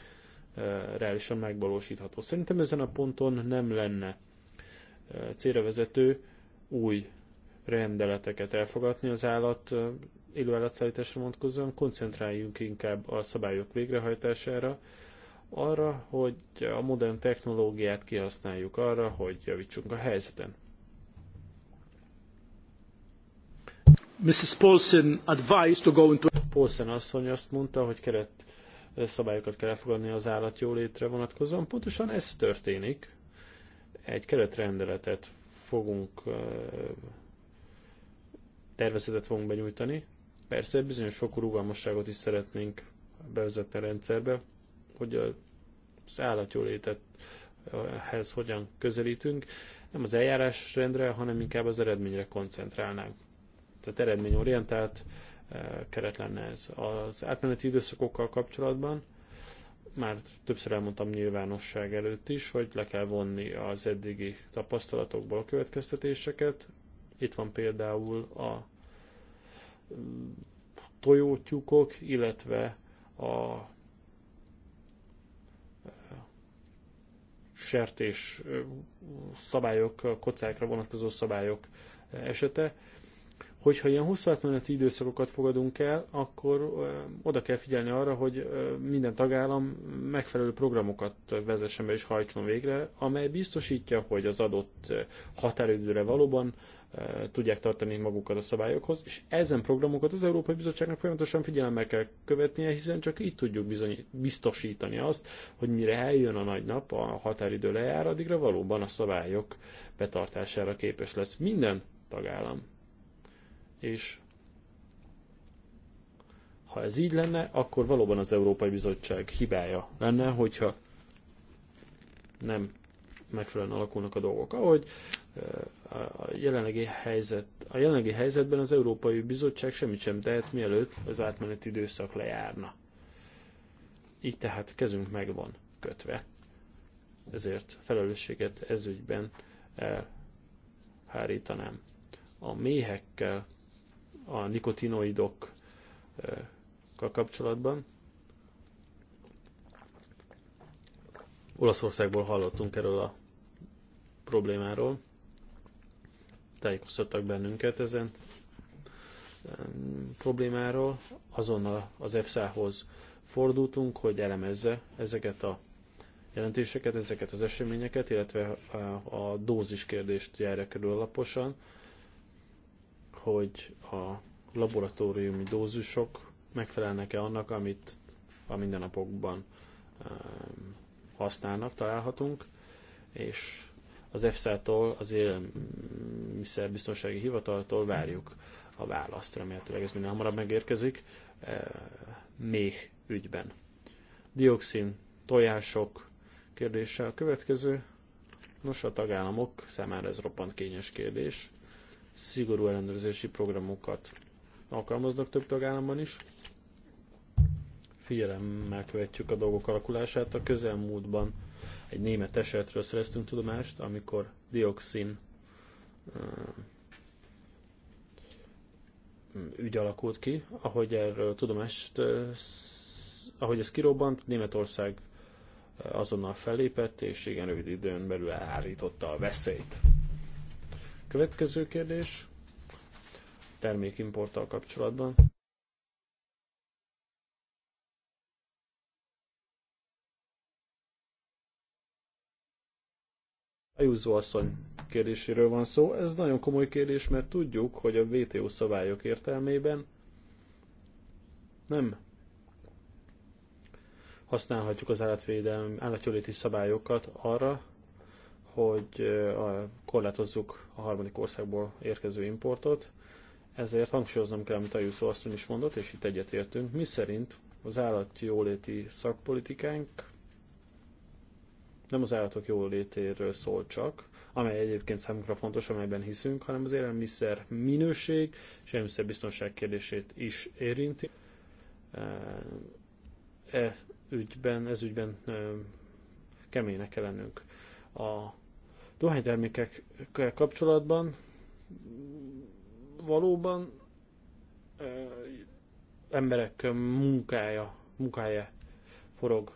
e, reálisan megvalósítható. Szerintem ezen a ponton nem lenne e, célra vezető új rendeleteket elfogadni az állat e, élőállatszállításra vonatkozóan, koncentráljunk inkább a szabályok végrehajtására, arra, hogy a modern technológiát kihasználjuk arra, hogy javítsunk a helyzeten. Mrs. Paulson advised to go into... Paulson asszony azt mondta, hogy keret eh, szabályokat kell elfogadni az állatjólétre vonatkozóan. Pontosan ez történik. Egy keretrendeletet fogunk eh, tervezetet fogunk benyújtani. Persze bizonyos sok rugalmasságot is szeretnénk bevezetni a rendszerbe, hogy az eh, ehhez hogyan közelítünk. Nem az eljárásrendre, hanem inkább az eredményre koncentrálnánk tehát eredményorientált eh, keret lenne ez. Az átmeneti időszakokkal kapcsolatban már többször elmondtam nyilvánosság előtt is, hogy le kell vonni az eddigi tapasztalatokból a következtetéseket. Itt van például a mm, tojótyúkok, illetve a eh, sertés eh, szabályok, kocákra vonatkozó szabályok esete. Hogyha ilyen hosszú átmeneti időszakokat fogadunk el, akkor oda kell figyelni arra, hogy minden tagállam megfelelő programokat vezessen be és hajtson végre, amely biztosítja, hogy az adott határidőre valóban tudják tartani magukat a szabályokhoz, és ezen programokat az Európai Bizottságnak folyamatosan figyelemmel kell követnie, hiszen csak így tudjuk bizony, biztosítani azt, hogy mire eljön a nagy nap, a határidő lejár, addigra valóban a szabályok betartására képes lesz minden tagállam és ha ez így lenne, akkor valóban az Európai Bizottság hibája lenne, hogyha nem megfelelően alakulnak a dolgok. Ahogy a jelenlegi, helyzet, a jelenlegi helyzetben az Európai Bizottság semmit sem tehet, mielőtt az átmeneti időszak lejárna. Így tehát kezünk meg van kötve. Ezért felelősséget ezügyben elhárítanám. A méhekkel a nikotinoidokkal eh, kapcsolatban. Olaszországból hallottunk erről a problémáról. Tájékoztattak bennünket ezen problémáról. Azonnal az EFSA-hoz fordultunk, hogy elemezze ezeket a jelentéseket, ezeket az eseményeket, illetve a, eh, a dózis kérdést járja körül alaposan hogy a laboratóriumi dózusok megfelelnek-e annak, amit a mindennapokban használnak, találhatunk, és az EFSA-tól, az biztonsági Hivataltól várjuk a választ, remélhetőleg ez minél hamarabb megérkezik, eh, méh ügyben. Dioxin, tojások kérdése a következő. Nos, a tagállamok számára ez roppant kényes kérdés szigorú ellenőrzési programokat alkalmaznak több tagállamban is. Figyelemmel követjük a dolgok alakulását. A közelmúltban egy német esetről szereztünk tudomást, amikor dioxin ügy alakult ki, ahogy erről tudomást, ahogy ez kirobbant, Németország azonnal fellépett, és igen rövid időn belül elhárította a veszélyt. Következő kérdés termékimporttal kapcsolatban. Ajúzó asszony kérdéséről van szó. Ez nagyon komoly kérdés, mert tudjuk, hogy a WTO szabályok értelmében nem használhatjuk az állatvédelmi, állatjóléti szabályokat arra, hogy korlátozzuk a harmadik országból érkező importot. Ezért hangsúlyoznom kell, amit Jusszó asszony is mondott, és itt egyetértünk, mi szerint az állatjóléti szakpolitikánk nem az állatok jólétéről szól csak, amely egyébként számunkra fontos, amelyben hiszünk, hanem az élelmiszer minőség és élelmiszer biztonság kérdését is érinti. E ügyben, ez ügyben keménynek kell lennünk. A dohánytermékekkel kapcsolatban valóban ö, emberek munkája, munkája forog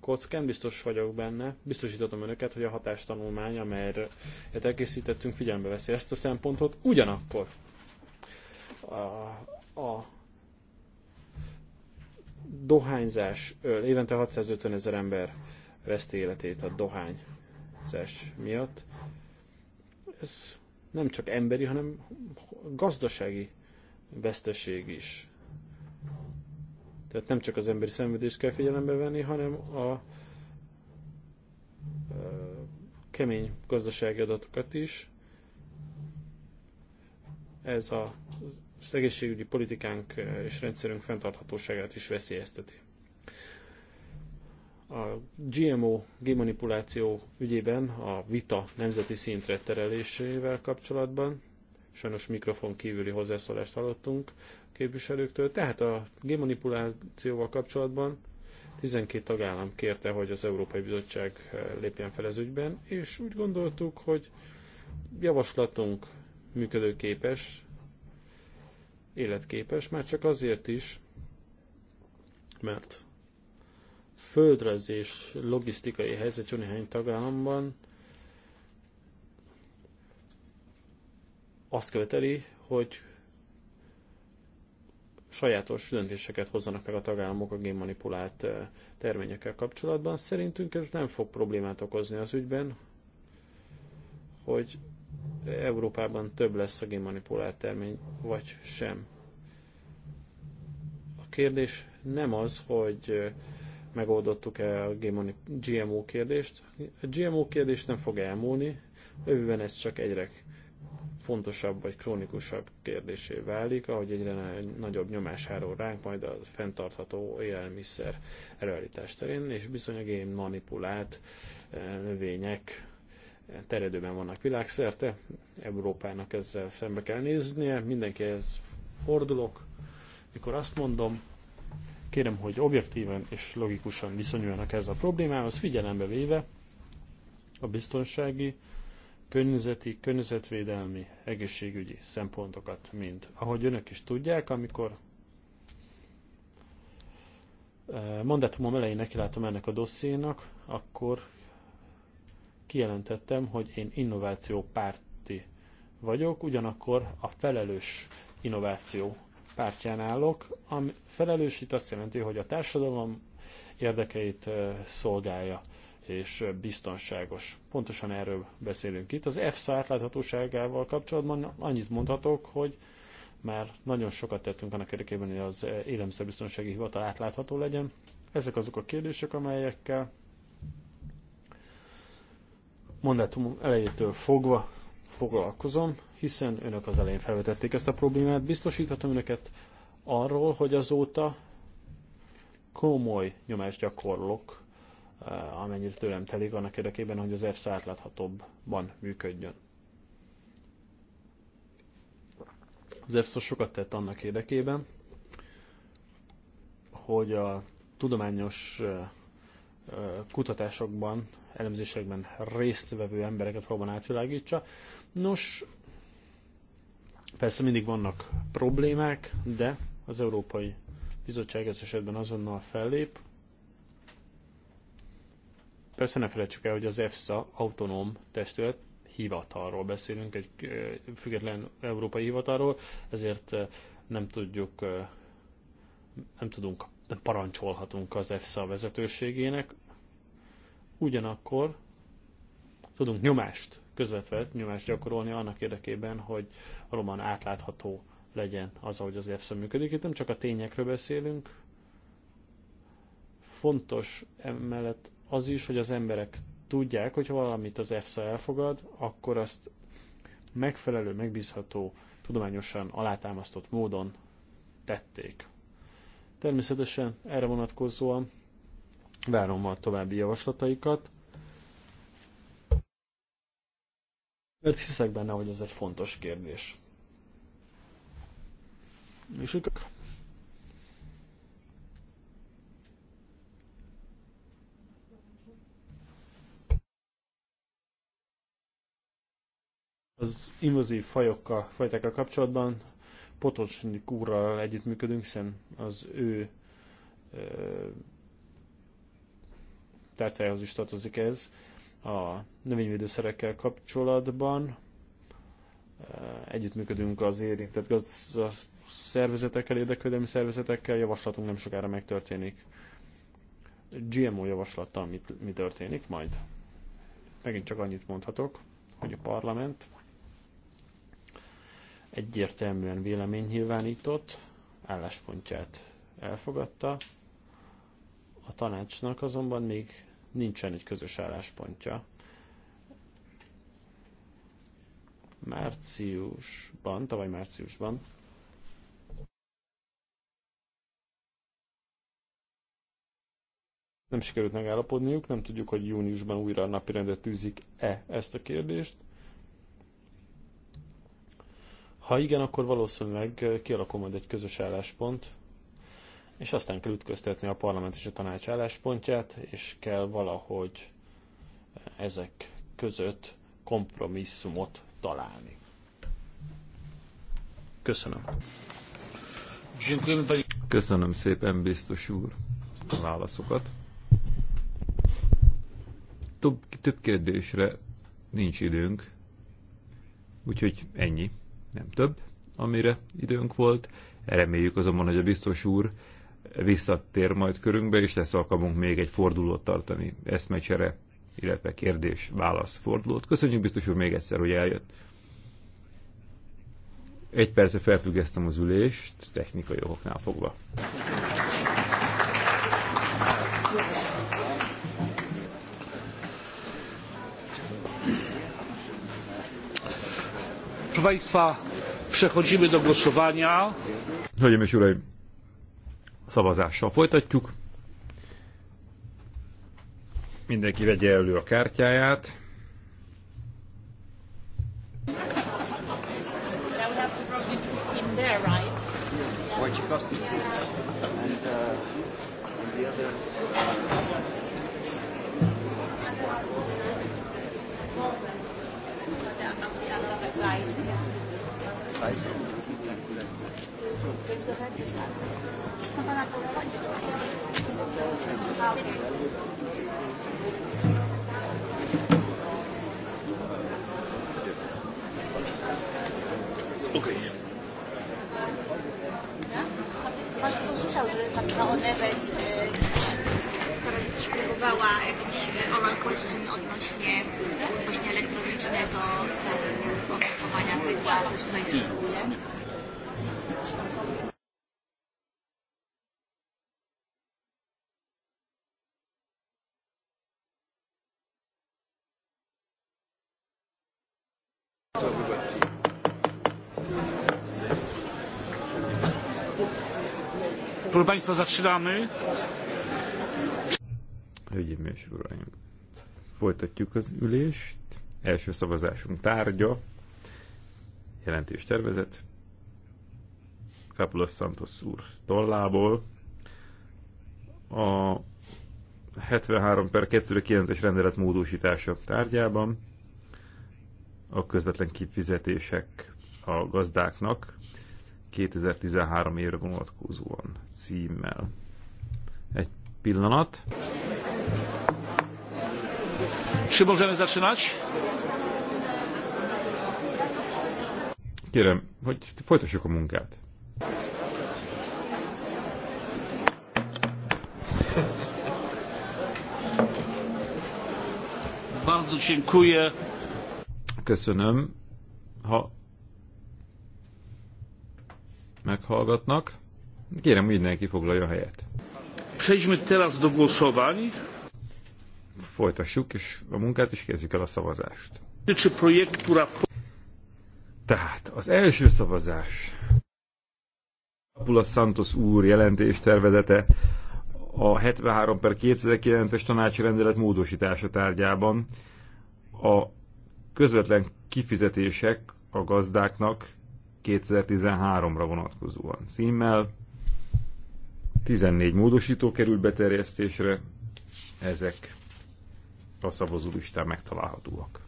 kockán, biztos vagyok benne. Biztosítatom önöket, hogy a hatástanulmány, amelyet elkészítettünk, figyelembe veszi ezt a szempontot. Ugyanakkor a, a dohányzás, évente 650 ezer ember veszti életét a dohány szes miatt. Ez nem csak emberi, hanem gazdasági veszteség is. Tehát nem csak az emberi szenvedést kell figyelembe venni, hanem a kemény gazdasági adatokat is. Ez a az egészségügyi politikánk és rendszerünk fenntarthatóságát is veszélyezteti a GMO gémanipuláció ügyében a vita nemzeti szintre terelésével kapcsolatban, sajnos mikrofon kívüli hozzászólást hallottunk képviselőktől, tehát a gémanipulációval kapcsolatban 12 tagállam kérte, hogy az Európai Bizottság eh, lépjen fel ez ügyben, és úgy gondoltuk, hogy javaslatunk működőképes, életképes, már csak azért is, mert földrajzi és logisztikai helyzet jó néhány tagállamban azt követeli, hogy sajátos döntéseket hozzanak meg a tagállamok a génmanipulált eh, terményekkel kapcsolatban. Szerintünk ez nem fog problémát okozni az ügyben, hogy Európában több lesz a génmanipulált termény, vagy sem. A kérdés nem az, hogy eh, megoldottuk-e a GMO kérdést. A GMO kérdés nem fog elmúlni, jövőben ez csak egyre fontosabb vagy krónikusabb kérdésé válik, ahogy egyre nagyobb nyomás hárul ránk majd a fenntartható élelmiszer előállítás terén, és bizony a gén manipulált eh, növények eh, teredőben vannak világszerte, Európának ezzel szembe kell néznie, mindenkihez fordulok, mikor azt mondom, Kérem, hogy objektíven és logikusan viszonyuljanak ez a problémához, figyelembe véve a biztonsági, környezeti, környezetvédelmi, egészségügyi szempontokat mind. Ahogy önök is tudják, amikor e, mandátumom elején nekiláttam ennek a dossziénak, akkor kijelentettem, hogy én innováció párti vagyok, ugyanakkor a felelős innováció pártján állok, ami felelősít azt jelenti, hogy a társadalom érdekeit szolgálja és biztonságos. Pontosan erről beszélünk itt. Az EFSZ átláthatóságával kapcsolatban annyit mondhatok, hogy már nagyon sokat tettünk annak érdekében, hogy az élelmiszerbiztonsági hivatal átlátható legyen. Ezek azok a kérdések, amelyekkel mondatom elejétől fogva foglalkozom, hiszen önök az elején felvetették ezt a problémát. Biztosíthatom önöket arról, hogy azóta komoly nyomást gyakorlok, eh, amennyire tőlem telik annak érdekében, hogy az EFSA átláthatóbban működjön. Az EFSA sokat tett annak érdekében, hogy a tudományos eh, kutatásokban, elemzésekben résztvevő embereket valóban átvilágítsa. Nos, persze mindig vannak problémák, de az Európai Bizottság ez esetben azonnal fellép. Persze ne felejtsük el, hogy az EFSA autonóm testület hivatalról beszélünk, egy független európai hivatalról, ezért nem tudjuk, nem tudunk parancsolhatunk az EFSA vezetőségének, ugyanakkor tudunk nyomást, közvetve nyomást gyakorolni annak érdekében, hogy valóban átlátható legyen az, ahogy az EFSA működik. Itt nem csak a tényekről beszélünk, fontos emellett az is, hogy az emberek tudják, hogy ha valamit az EFSA elfogad, akkor azt megfelelő, megbízható, tudományosan alátámasztott módon tették. Természetesen erre vonatkozóan várom a további javaslataikat, mert hiszek benne, hogy ez egy fontos kérdés. És az invazív fajokkal, fajtákkal kapcsolatban Potosnik kúrral együttműködünk, hiszen az ő tárcájához is tartozik ez a növényvédőszerekkel kapcsolatban. Együttműködünk az érintett szervezetekkel, érdekvédelmi szervezetekkel, javaslatunk nem sokára megtörténik. GMO javaslattal mi történik majd? Megint csak annyit mondhatok, hogy a parlament egyértelműen vélemény nyilvánított, álláspontját elfogadta. A tanácsnak azonban még nincsen egy közös álláspontja. Márciusban, tavaly márciusban nem sikerült megállapodniuk, nem tudjuk, hogy júniusban újra a napirendet tűzik-e ezt a kérdést. Ha igen, akkor valószínűleg kialakul majd egy közös álláspont, és aztán kell ütköztetni a parlament és a tanács álláspontját, és kell valahogy ezek között kompromisszumot találni. Köszönöm. Köszönöm szépen, biztos úr, a válaszokat. Több, több kérdésre nincs időnk, úgyhogy ennyi nem több, amire időnk volt. Reméljük azonban, hogy a biztos úr visszatér majd körünkbe, és lesz alkalmunk még egy fordulót tartani, eszmecsere, illetve kérdés-válasz fordulót. Köszönjük biztos úr még egyszer, hogy eljött. Egy perce felfüggesztem az ülést, technikai okoknál fogva. Proszę Państwa, przechodzimy do głosowania. Hölgyeim és Uraim, szavazással folytatjuk. Mindenki vegye elő a kártyáját. Wojciechowski and, uh, and the other Okay. Parce que je suis chargée, parce przygotowała jakąś e, oral question odnośnie właśnie elektronicznego e, postępowania węgla ze strony Proszę Państwa, zaczynamy. Hölgyeim és uraim, folytatjuk az ülést. Első szavazásunk tárgya, jelentés tervezet, Kapulos Santos úr tollából. A 73 per 2009-es rendelet módosítása tárgyában a közvetlen kifizetések a gazdáknak 2013 évre vonatkozóan címmel. Egy pillanat. Czy możemy zaczynać? Kérem, hogy folytassuk a munkát. Bardzo dziękuję. Köszönöm, ha meghallgatnak. Kérem, mindenki foglalja helyet. Przejdźmy teraz do głosowań folytassuk és a munkát, és kezdjük el a szavazást. Tehát az első szavazás. Apula Santos úr jelentés tervezete a 73 per 2009-es tanácsi rendelet módosítása tárgyában a közvetlen kifizetések a gazdáknak 2013-ra vonatkozóan. Címmel 14 módosító került beterjesztésre, ezek a szavazó listán megtalálhatóak.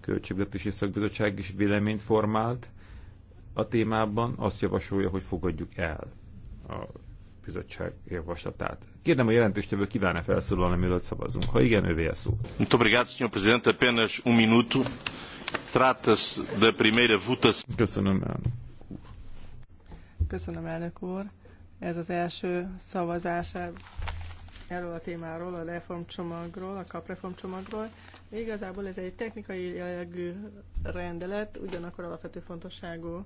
Költségvetési Szakbizottság is véleményt formált a témában, azt javasolja, hogy fogadjuk el a bizottság javaslatát. Kérdem a jelentéstevő kíván -e felszólalni, mielőtt szavazunk. Ha igen, ővé a szó. Muito obrigado, senhor presidente. Apenas um minuto. Trata-se da primeira votação. Köszönöm, elnök úr. Köszönöm, elnök úr. Ez az első szavazás erről a témáról, a reformcsomagról, a kapreformcsomagról. Igazából ez egy technikai jellegű rendelet, ugyanakkor alapvető fontosságú.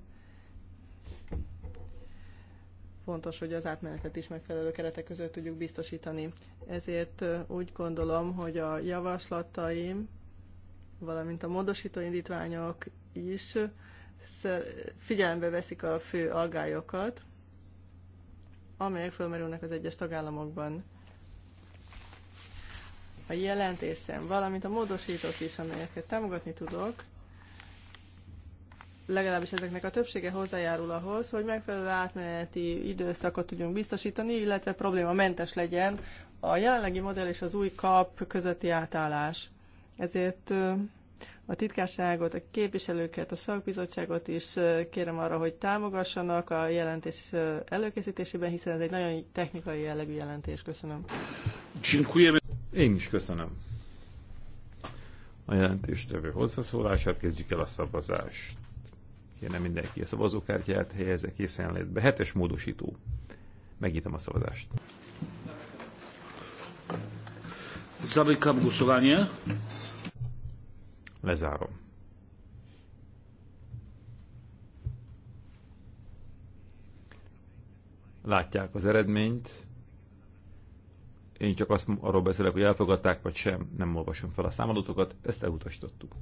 Fontos, hogy az átmenetet is megfelelő keretek között tudjuk biztosítani. Ezért úgy gondolom, hogy a javaslataim, valamint a módosító indítványok is figyelembe veszik a fő aggályokat, amelyek felmerülnek az egyes tagállamokban a jelentésem, valamint a módosítók is, amelyeket támogatni tudok, legalábbis ezeknek a többsége hozzájárul ahhoz, hogy megfelelő átmeneti időszakot tudjunk biztosítani, illetve probléma mentes legyen a jelenlegi modell és az új kap közötti átállás. Ezért a titkárságot, a képviselőket, a szakbizottságot is kérem arra, hogy támogassanak a jelentés előkészítésében, hiszen ez egy nagyon technikai jellegű jelentés. Köszönöm. Én is köszönöm a jelentéstevő hozzászólását, kezdjük el a szavazást. Kérne mindenki a szavazókártyát, helyezze létbe. Hetes módosító. Megnyitom a szavazást. Zamykam Lezárom. Látják az eredményt. Én csak azt arról beszélek, hogy elfogadták vagy sem, nem olvasom fel a számadatokat, ezt elutasítottuk.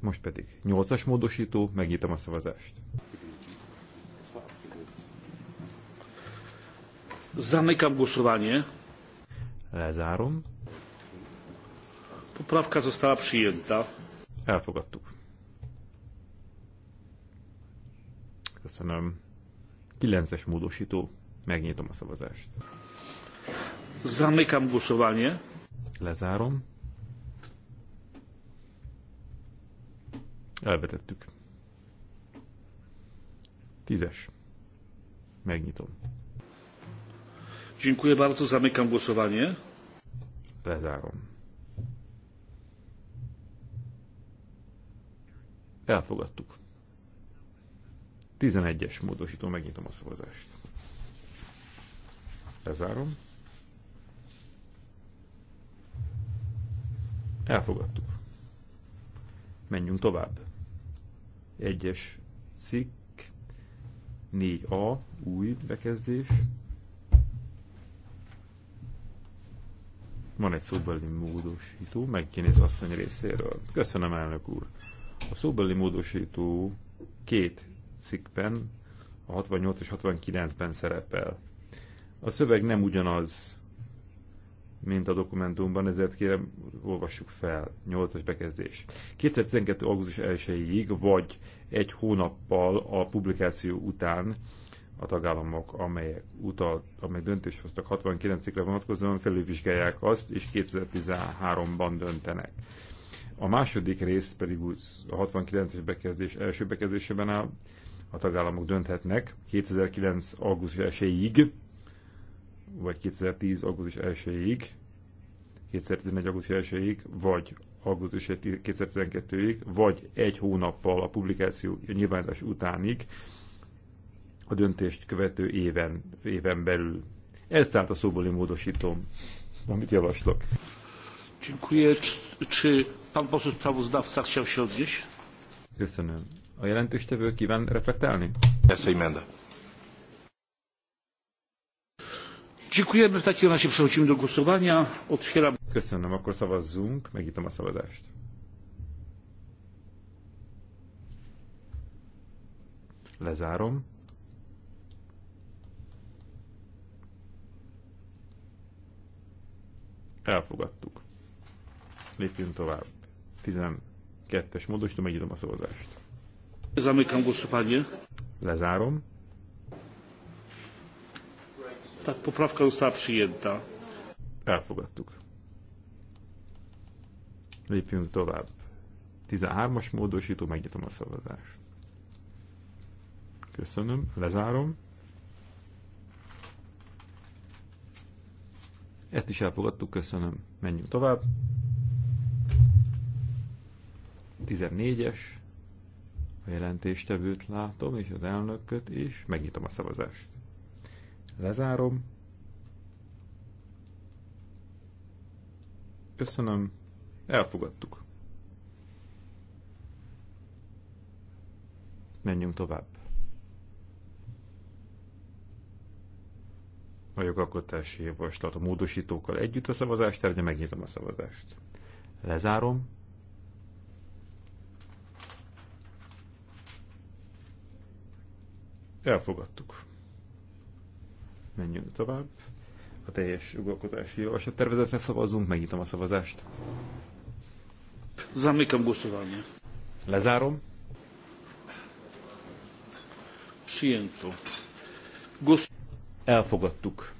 Most pedig 8-as módosító, megnyitom a szavazást. Zamykam głosowanie. Lezárom. Poprawka została przyjęta. Elfogadtuk. Köszönöm. 9-es módosító. Megnyitom a szavazást. Zamykam głosowanie. Lezárom. Elvetettük. Tízes. Megnyitom. Dziękuję bardzo. Zamykam głosowanie. Lezárom. Elfogadtuk. 11-es módosító, megnyitom a szavazást. Lezárom. Elfogadtuk. Menjünk tovább. Egyes cikk, 4A, új bekezdés. Van egy szóbeli módosító, megkinéz asszony részéről. Köszönöm, elnök úr. A szóbeli módosító két cikkben, a 68 és 69-ben szerepel a szöveg nem ugyanaz, mint a dokumentumban, ezért kérem, olvassuk fel, 8-as bekezdés. 2012. augusztus 1-ig, vagy egy hónappal a publikáció után a tagállamok, amelyek utal, amely döntést hoztak 69-re vonatkozóan, felülvizsgálják azt, és 2013-ban döntenek. A második rész pedig úgy a 69-es bekezdés első bekezdésében áll, a tagállamok dönthetnek 2009. augusztus 1-ig, vagy 2010. augusztus 1-ig, 2011. augusztus 1-ig, vagy augusztus 2012-ig, vagy egy hónappal a publikáció a nyilvánítás utánig, a döntést követő éven, éven belül. Ez tehát a szóbeli módosítom, amit javaslok. Dziękuję. Czy pan poseł sprawozdawca chciał się odnieść? Köszönöm. A jelentéstevő kíván reflektálni? Köszönöm. Dziękujemy. W takim razie przechodzimy do głosowania. Otwieram. Köszönöm, akkor szavazzunk. Megítom a szavazást. Lezárom. Elfogadtuk. Lépjünk tovább. 12-es módosítom, megítom a szavazást. Zamykam głosowanie. Lezárom. Ta poprawka została przyjęta. Elfogadtuk. Lépjünk tovább. 13-as módosító, megnyitom a szavazást. Köszönöm, lezárom. Ezt is elfogadtuk, köszönöm. Menjünk tovább. 14-es. A jelentéstevőt látom, és az elnököt is. Megnyitom a szavazást lezárom. Köszönöm, elfogadtuk. Menjünk tovább. A jogalkotási javaslat a módosítókkal együtt a szavazást, tehát megnyitom a szavazást. Lezárom. Elfogadtuk. Menjünk tovább. A teljes jogalkotási javaslat tervezetre szavazunk, megnyitom a szavazást. Zamykam głosowanie. Lezárom. Przyjęto. Gos- Elfogadtuk.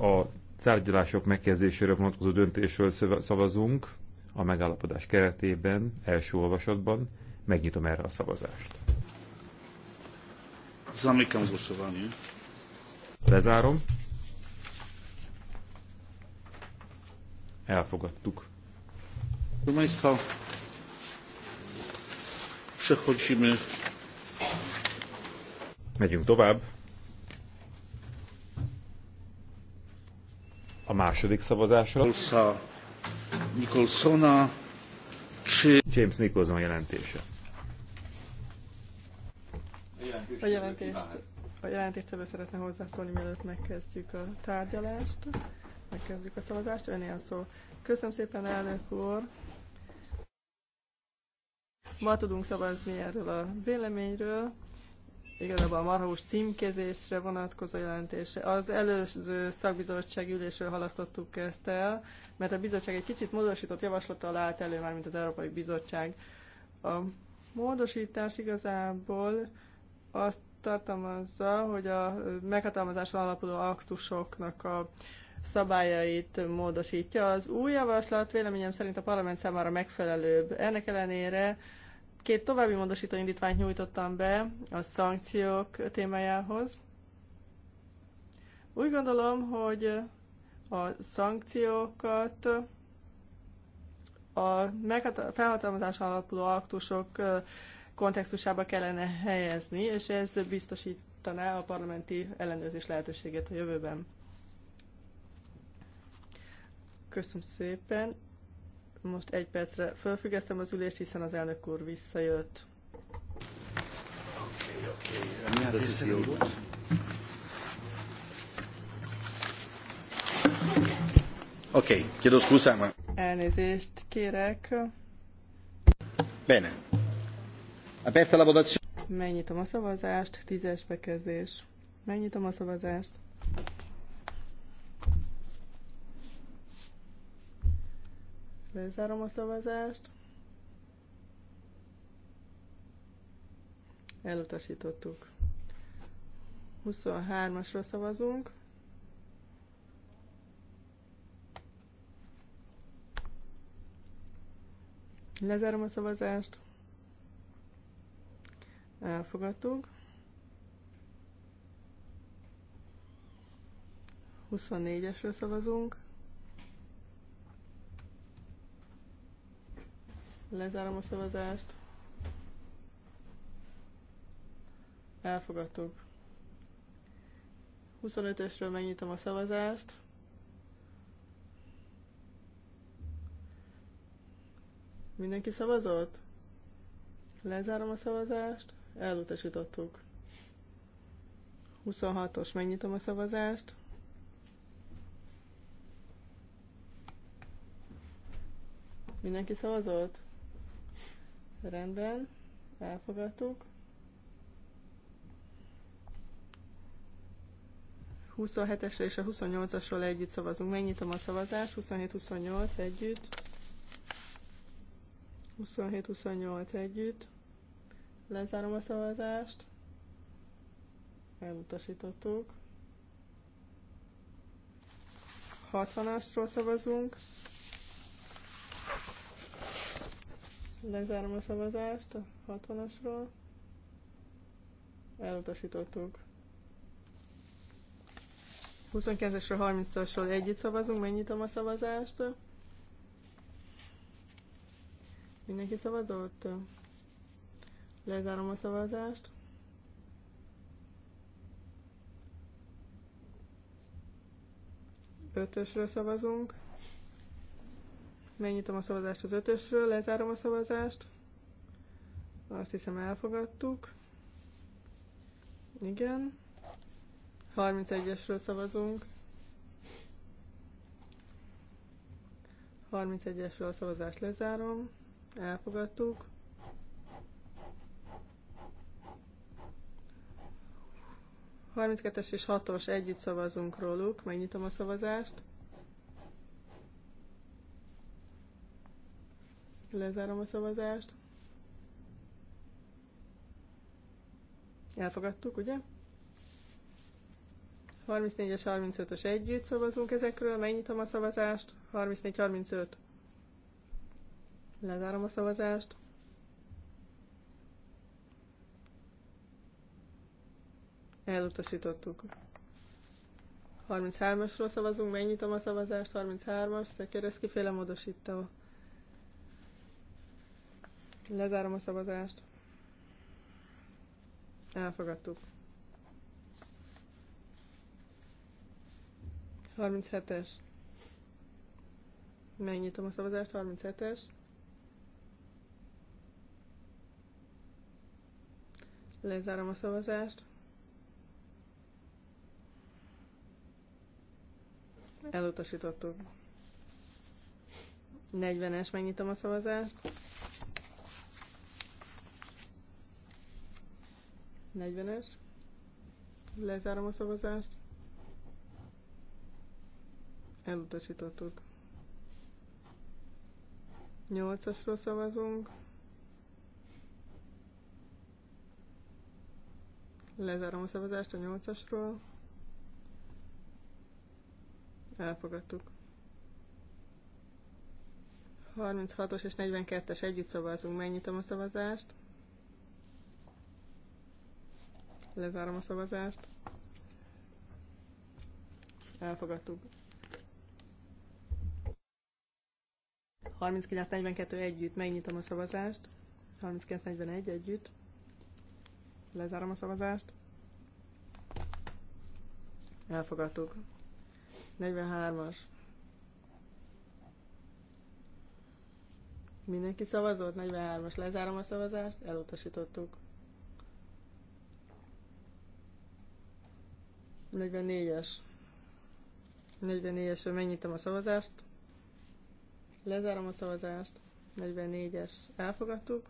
A tárgyalások megkezdésére vonatkozó döntésről szavazunk a megállapodás keretében, első olvasatban. Megnyitom erre a szavazást. Zamykam głosowanie. Lezárom. Elfogadtuk. Proszę Państwa, przechodzimy. Megyünk tovább. A második szavazásra. czy... James Nicholson jelentése. A jelentést, a jelentéstevő szeretne hozzászólni, mielőtt megkezdjük a tárgyalást, megkezdjük a szavazást. Ön ilyen szó. Köszönöm szépen, elnök úr! Ma tudunk szavazni erről a véleményről igazából a marhós címkezésre vonatkozó jelentése. Az előző szakbizottság ülésről halasztottuk ezt el, mert a bizottság egy kicsit módosított javaslattal állt elő, már mint az Európai Bizottság. A módosítás igazából azt tartalmazza, hogy a meghatalmazáson alapuló aktusoknak a szabályait módosítja. Az új javaslat véleményem szerint a parlament számára megfelelőbb. Ennek ellenére két további módosító indítványt nyújtottam be a szankciók témájához. Úgy gondolom, hogy a szankciókat a felhatalmazás alapuló aktusok kontextusába kellene helyezni, és ez biztosítaná a parlamenti ellenőrzés lehetőségét a jövőben. Köszönöm szépen. Most egy percre felfüggesztem az ülést, hiszen az elnök úr visszajött. Okay, okay. Das Oké, chiedo scusa ma. Elnézést kérek. Bene. Aperta la votazione. Megnyitom a szavazást, tízes bekezdés. Megnyitom a szavazást. Lezárom a szavazást. Elutasítottuk. 23-asra szavazunk. Lezárom a szavazást elfogadtuk. 24-esről szavazunk. Lezárom a szavazást. Elfogadtuk. 25 esről megnyitom a szavazást. Mindenki szavazott? Lezárom a szavazást. Elutasítottuk. 26-os, megnyitom a szavazást. Mindenki szavazott? Rendben, elfogadtuk. 27-esre és a 28-asról együtt szavazunk. Megnyitom a szavazást, 27-28 együtt. 27-28 együtt. Lezárom a szavazást. Elutasítottuk. 60-asról szavazunk. Lezárom a szavazást a 60-asról. Elutasítottuk. 29-esről 30-asról együtt szavazunk, megnyitom a szavazást. Mindenki szavazott? Lezárom a szavazást. Ötösről szavazunk. Megnyitom a szavazást az ötösről, lezárom a szavazást. Azt hiszem elfogadtuk. Igen. 31-esről szavazunk. 31-esről a szavazást lezárom. Elfogadtuk. 32-es és 6-os együtt szavazunk róluk. Megnyitom a szavazást. Lezárom a szavazást. Elfogadtuk, ugye? 34-es, 35-ös együtt szavazunk ezekről. Megnyitom a szavazást. 34-35. Lezárom a szavazást. elutasítottuk. 33-asról szavazunk, megnyitom a szavazást, 33-as, Szekereszki féle módosító. Lezárom a szavazást. Elfogadtuk. 37-es. Megnyitom a szavazást, 37-es. Lezárom a szavazást. Elutasítottuk. 40-es, megnyitom a szavazást. 40-es. Lezárom a szavazást. Elutasítottuk. 8-asról szavazunk. Lezárom a szavazást a 8-asról. Elfogadtuk. 36-os és 42-es együtt szavazunk. Megnyitom a szavazást. Lezárom a szavazást. Elfogadtuk. 39-42 együtt megnyitom a szavazást. 39-41 együtt. Lezárom a szavazást. Elfogadtuk. 43-as. Mindenki szavazott? 43-as. Lezárom a szavazást. Elutasítottuk. 44-es. 44-esről megnyitom a szavazást. Lezárom a szavazást. 44-es. Elfogadtuk.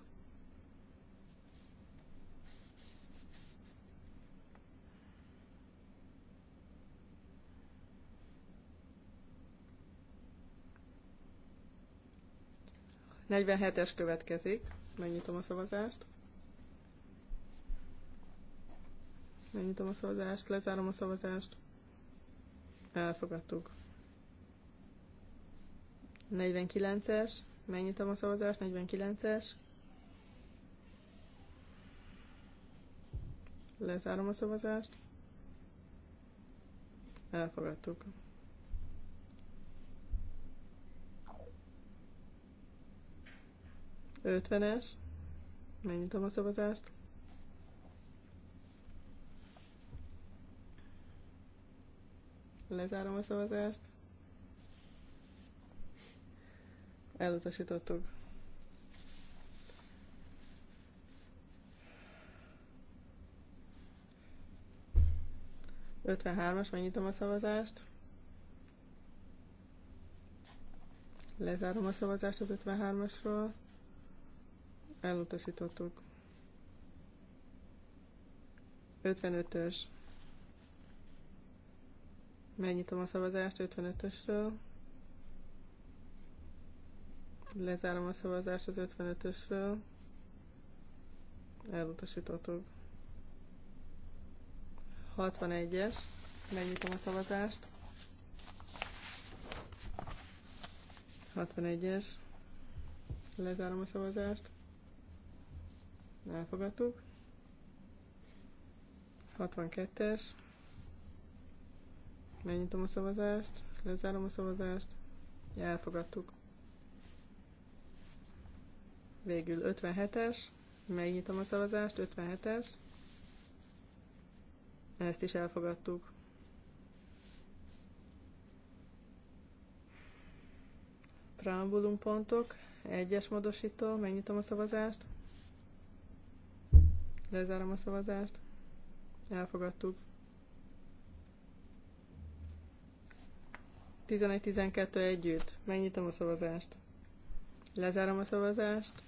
47-es következik. Megnyitom a szavazást. Megnyitom a szavazást, lezárom a szavazást. Elfogadtuk. 49-es. Megnyitom a szavazást, 49-es. Lezárom a szavazást. Elfogadtuk. 50-es. Megnyitom a szavazást. Lezárom a szavazást. Elutasítottuk. Ötvenhármas, megnyitom a szavazást. Lezárom a szavazást az ötvenhármasról elutasítottuk. 55-ös. Megnyitom a szavazást 55-ösről. Lezárom a szavazást az 55-ösről. Elutasítottuk. 61-es. Megnyitom a szavazást. 61-es. Lezárom a szavazást elfogadtuk. 62-es, megnyitom a szavazást, lezárom a szavazást, elfogadtuk. Végül 57-es, megnyitom a szavazást, 57-es, ezt is elfogadtuk. Preambulum pontok, 1-es módosító, megnyitom a szavazást. Lezárom a szavazást. Elfogadtuk. 11-12 együtt. Megnyitom a szavazást. Lezárom a szavazást.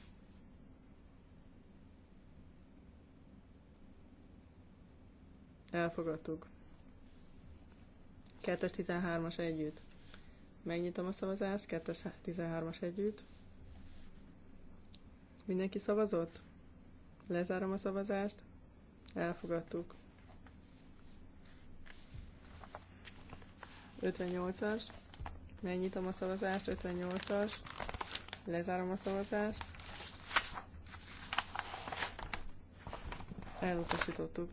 Elfogadtuk. 2 13-as együtt. Megnyitom a szavazást. 2 13-as együtt. Mindenki szavazott? Lezárom a szavazást. Elfogadtuk. 58-as. Megnyitom a szavazást. 58-as. Lezárom a szavazást. Elutasítottuk.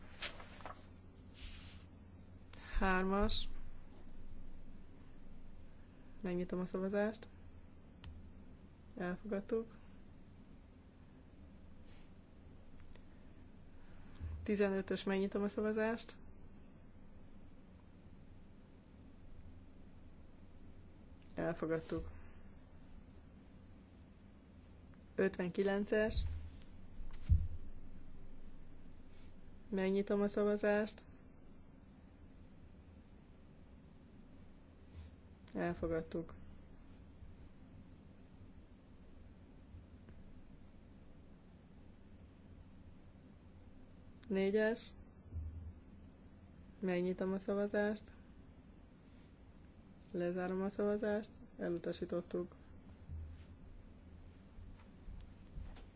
Hármas. Megnyitom a szavazást. Elfogadtuk. 15-ös megnyitom a szavazást. Elfogadtuk. 59-es. Megnyitom a szavazást. Elfogadtuk. Négyes. Megnyitom a szavazást. Lezárom a szavazást. Elutasítottuk.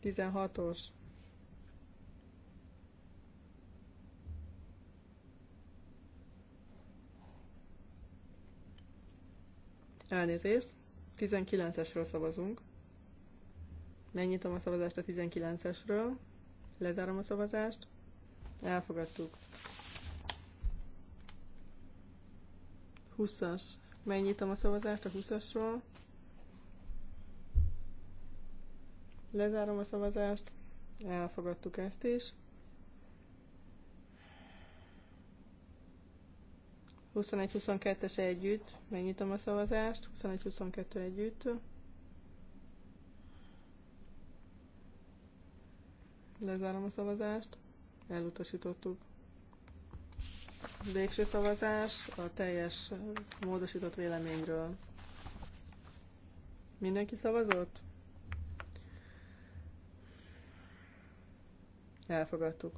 16-os. Elnézést. 19-esről szavazunk. Megnyitom a szavazást a 19-esről. Lezárom a szavazást. Elfogadtuk. 20-as. Megnyitom a szavazást a 20-asról. Lezárom a szavazást. Elfogadtuk ezt is. 21-22-es együtt. Megnyitom a szavazást. 21-22 együtt. Lezárom a szavazást elutasítottuk. Végső szavazás a teljes módosított véleményről. Mindenki szavazott? Elfogadtuk.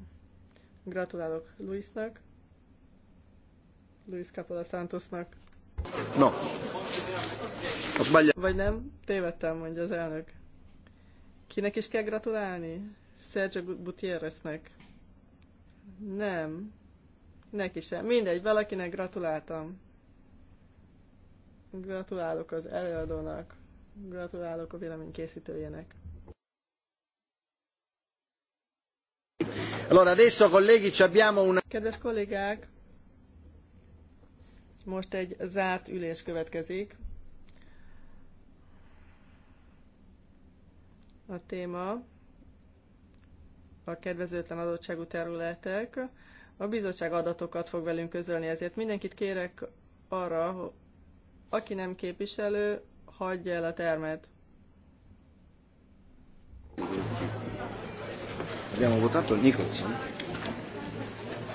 Gratulálok Luisnak, Luis Capola Santosnak. No. Vagy nem? Tévedtem, mondja az elnök. Kinek is kell gratulálni? Sergio Gutierreznek. Nem. Neki sem. Mindegy, valakinek gratuláltam. Gratulálok az előadónak. Gratulálok a vélemény készítőjének. Allora adesso colleghi ci abbiamo una... Kedves kollégák, most egy zárt ülés következik. A téma a kedvezőtlen adottságú területek. A bizottság adatokat fog velünk közölni, ezért mindenkit kérek arra, aki nem képviselő, hagyja el a termet. Abbiamo votato Nicholson?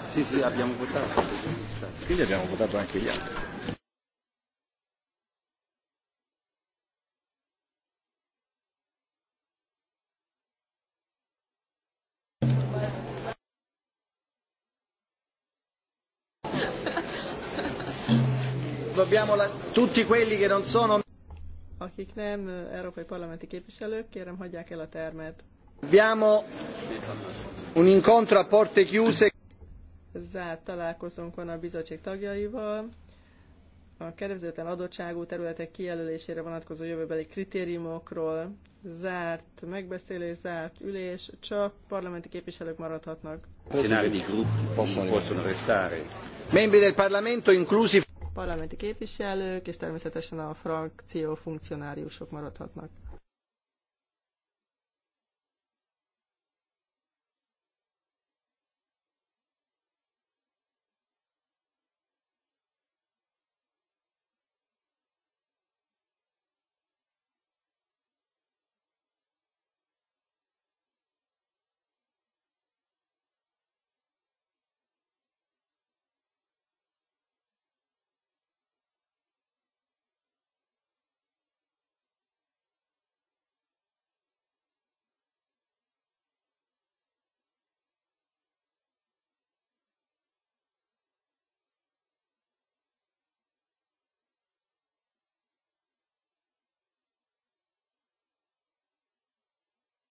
Sì, sì, abbiamo votato. Quindi abbiamo votato anche gli altri. tutti quelli che non sono... Akik nem európai parlamenti képviselők, kérem hagyják el a termet. Abbiamo un incontro a porte chiuse. Zárt találkozónk van a bizottság tagjaival. A kedvezőtlen adottságú területek kijelölésére vonatkozó jövőbeli kritériumokról zárt megbeszélés, zárt ülés, csak parlamenti képviselők maradhatnak. Membri del Parlamento inclusi parlamenti képviselők, és természetesen a frakció funkcionáriusok maradhatnak.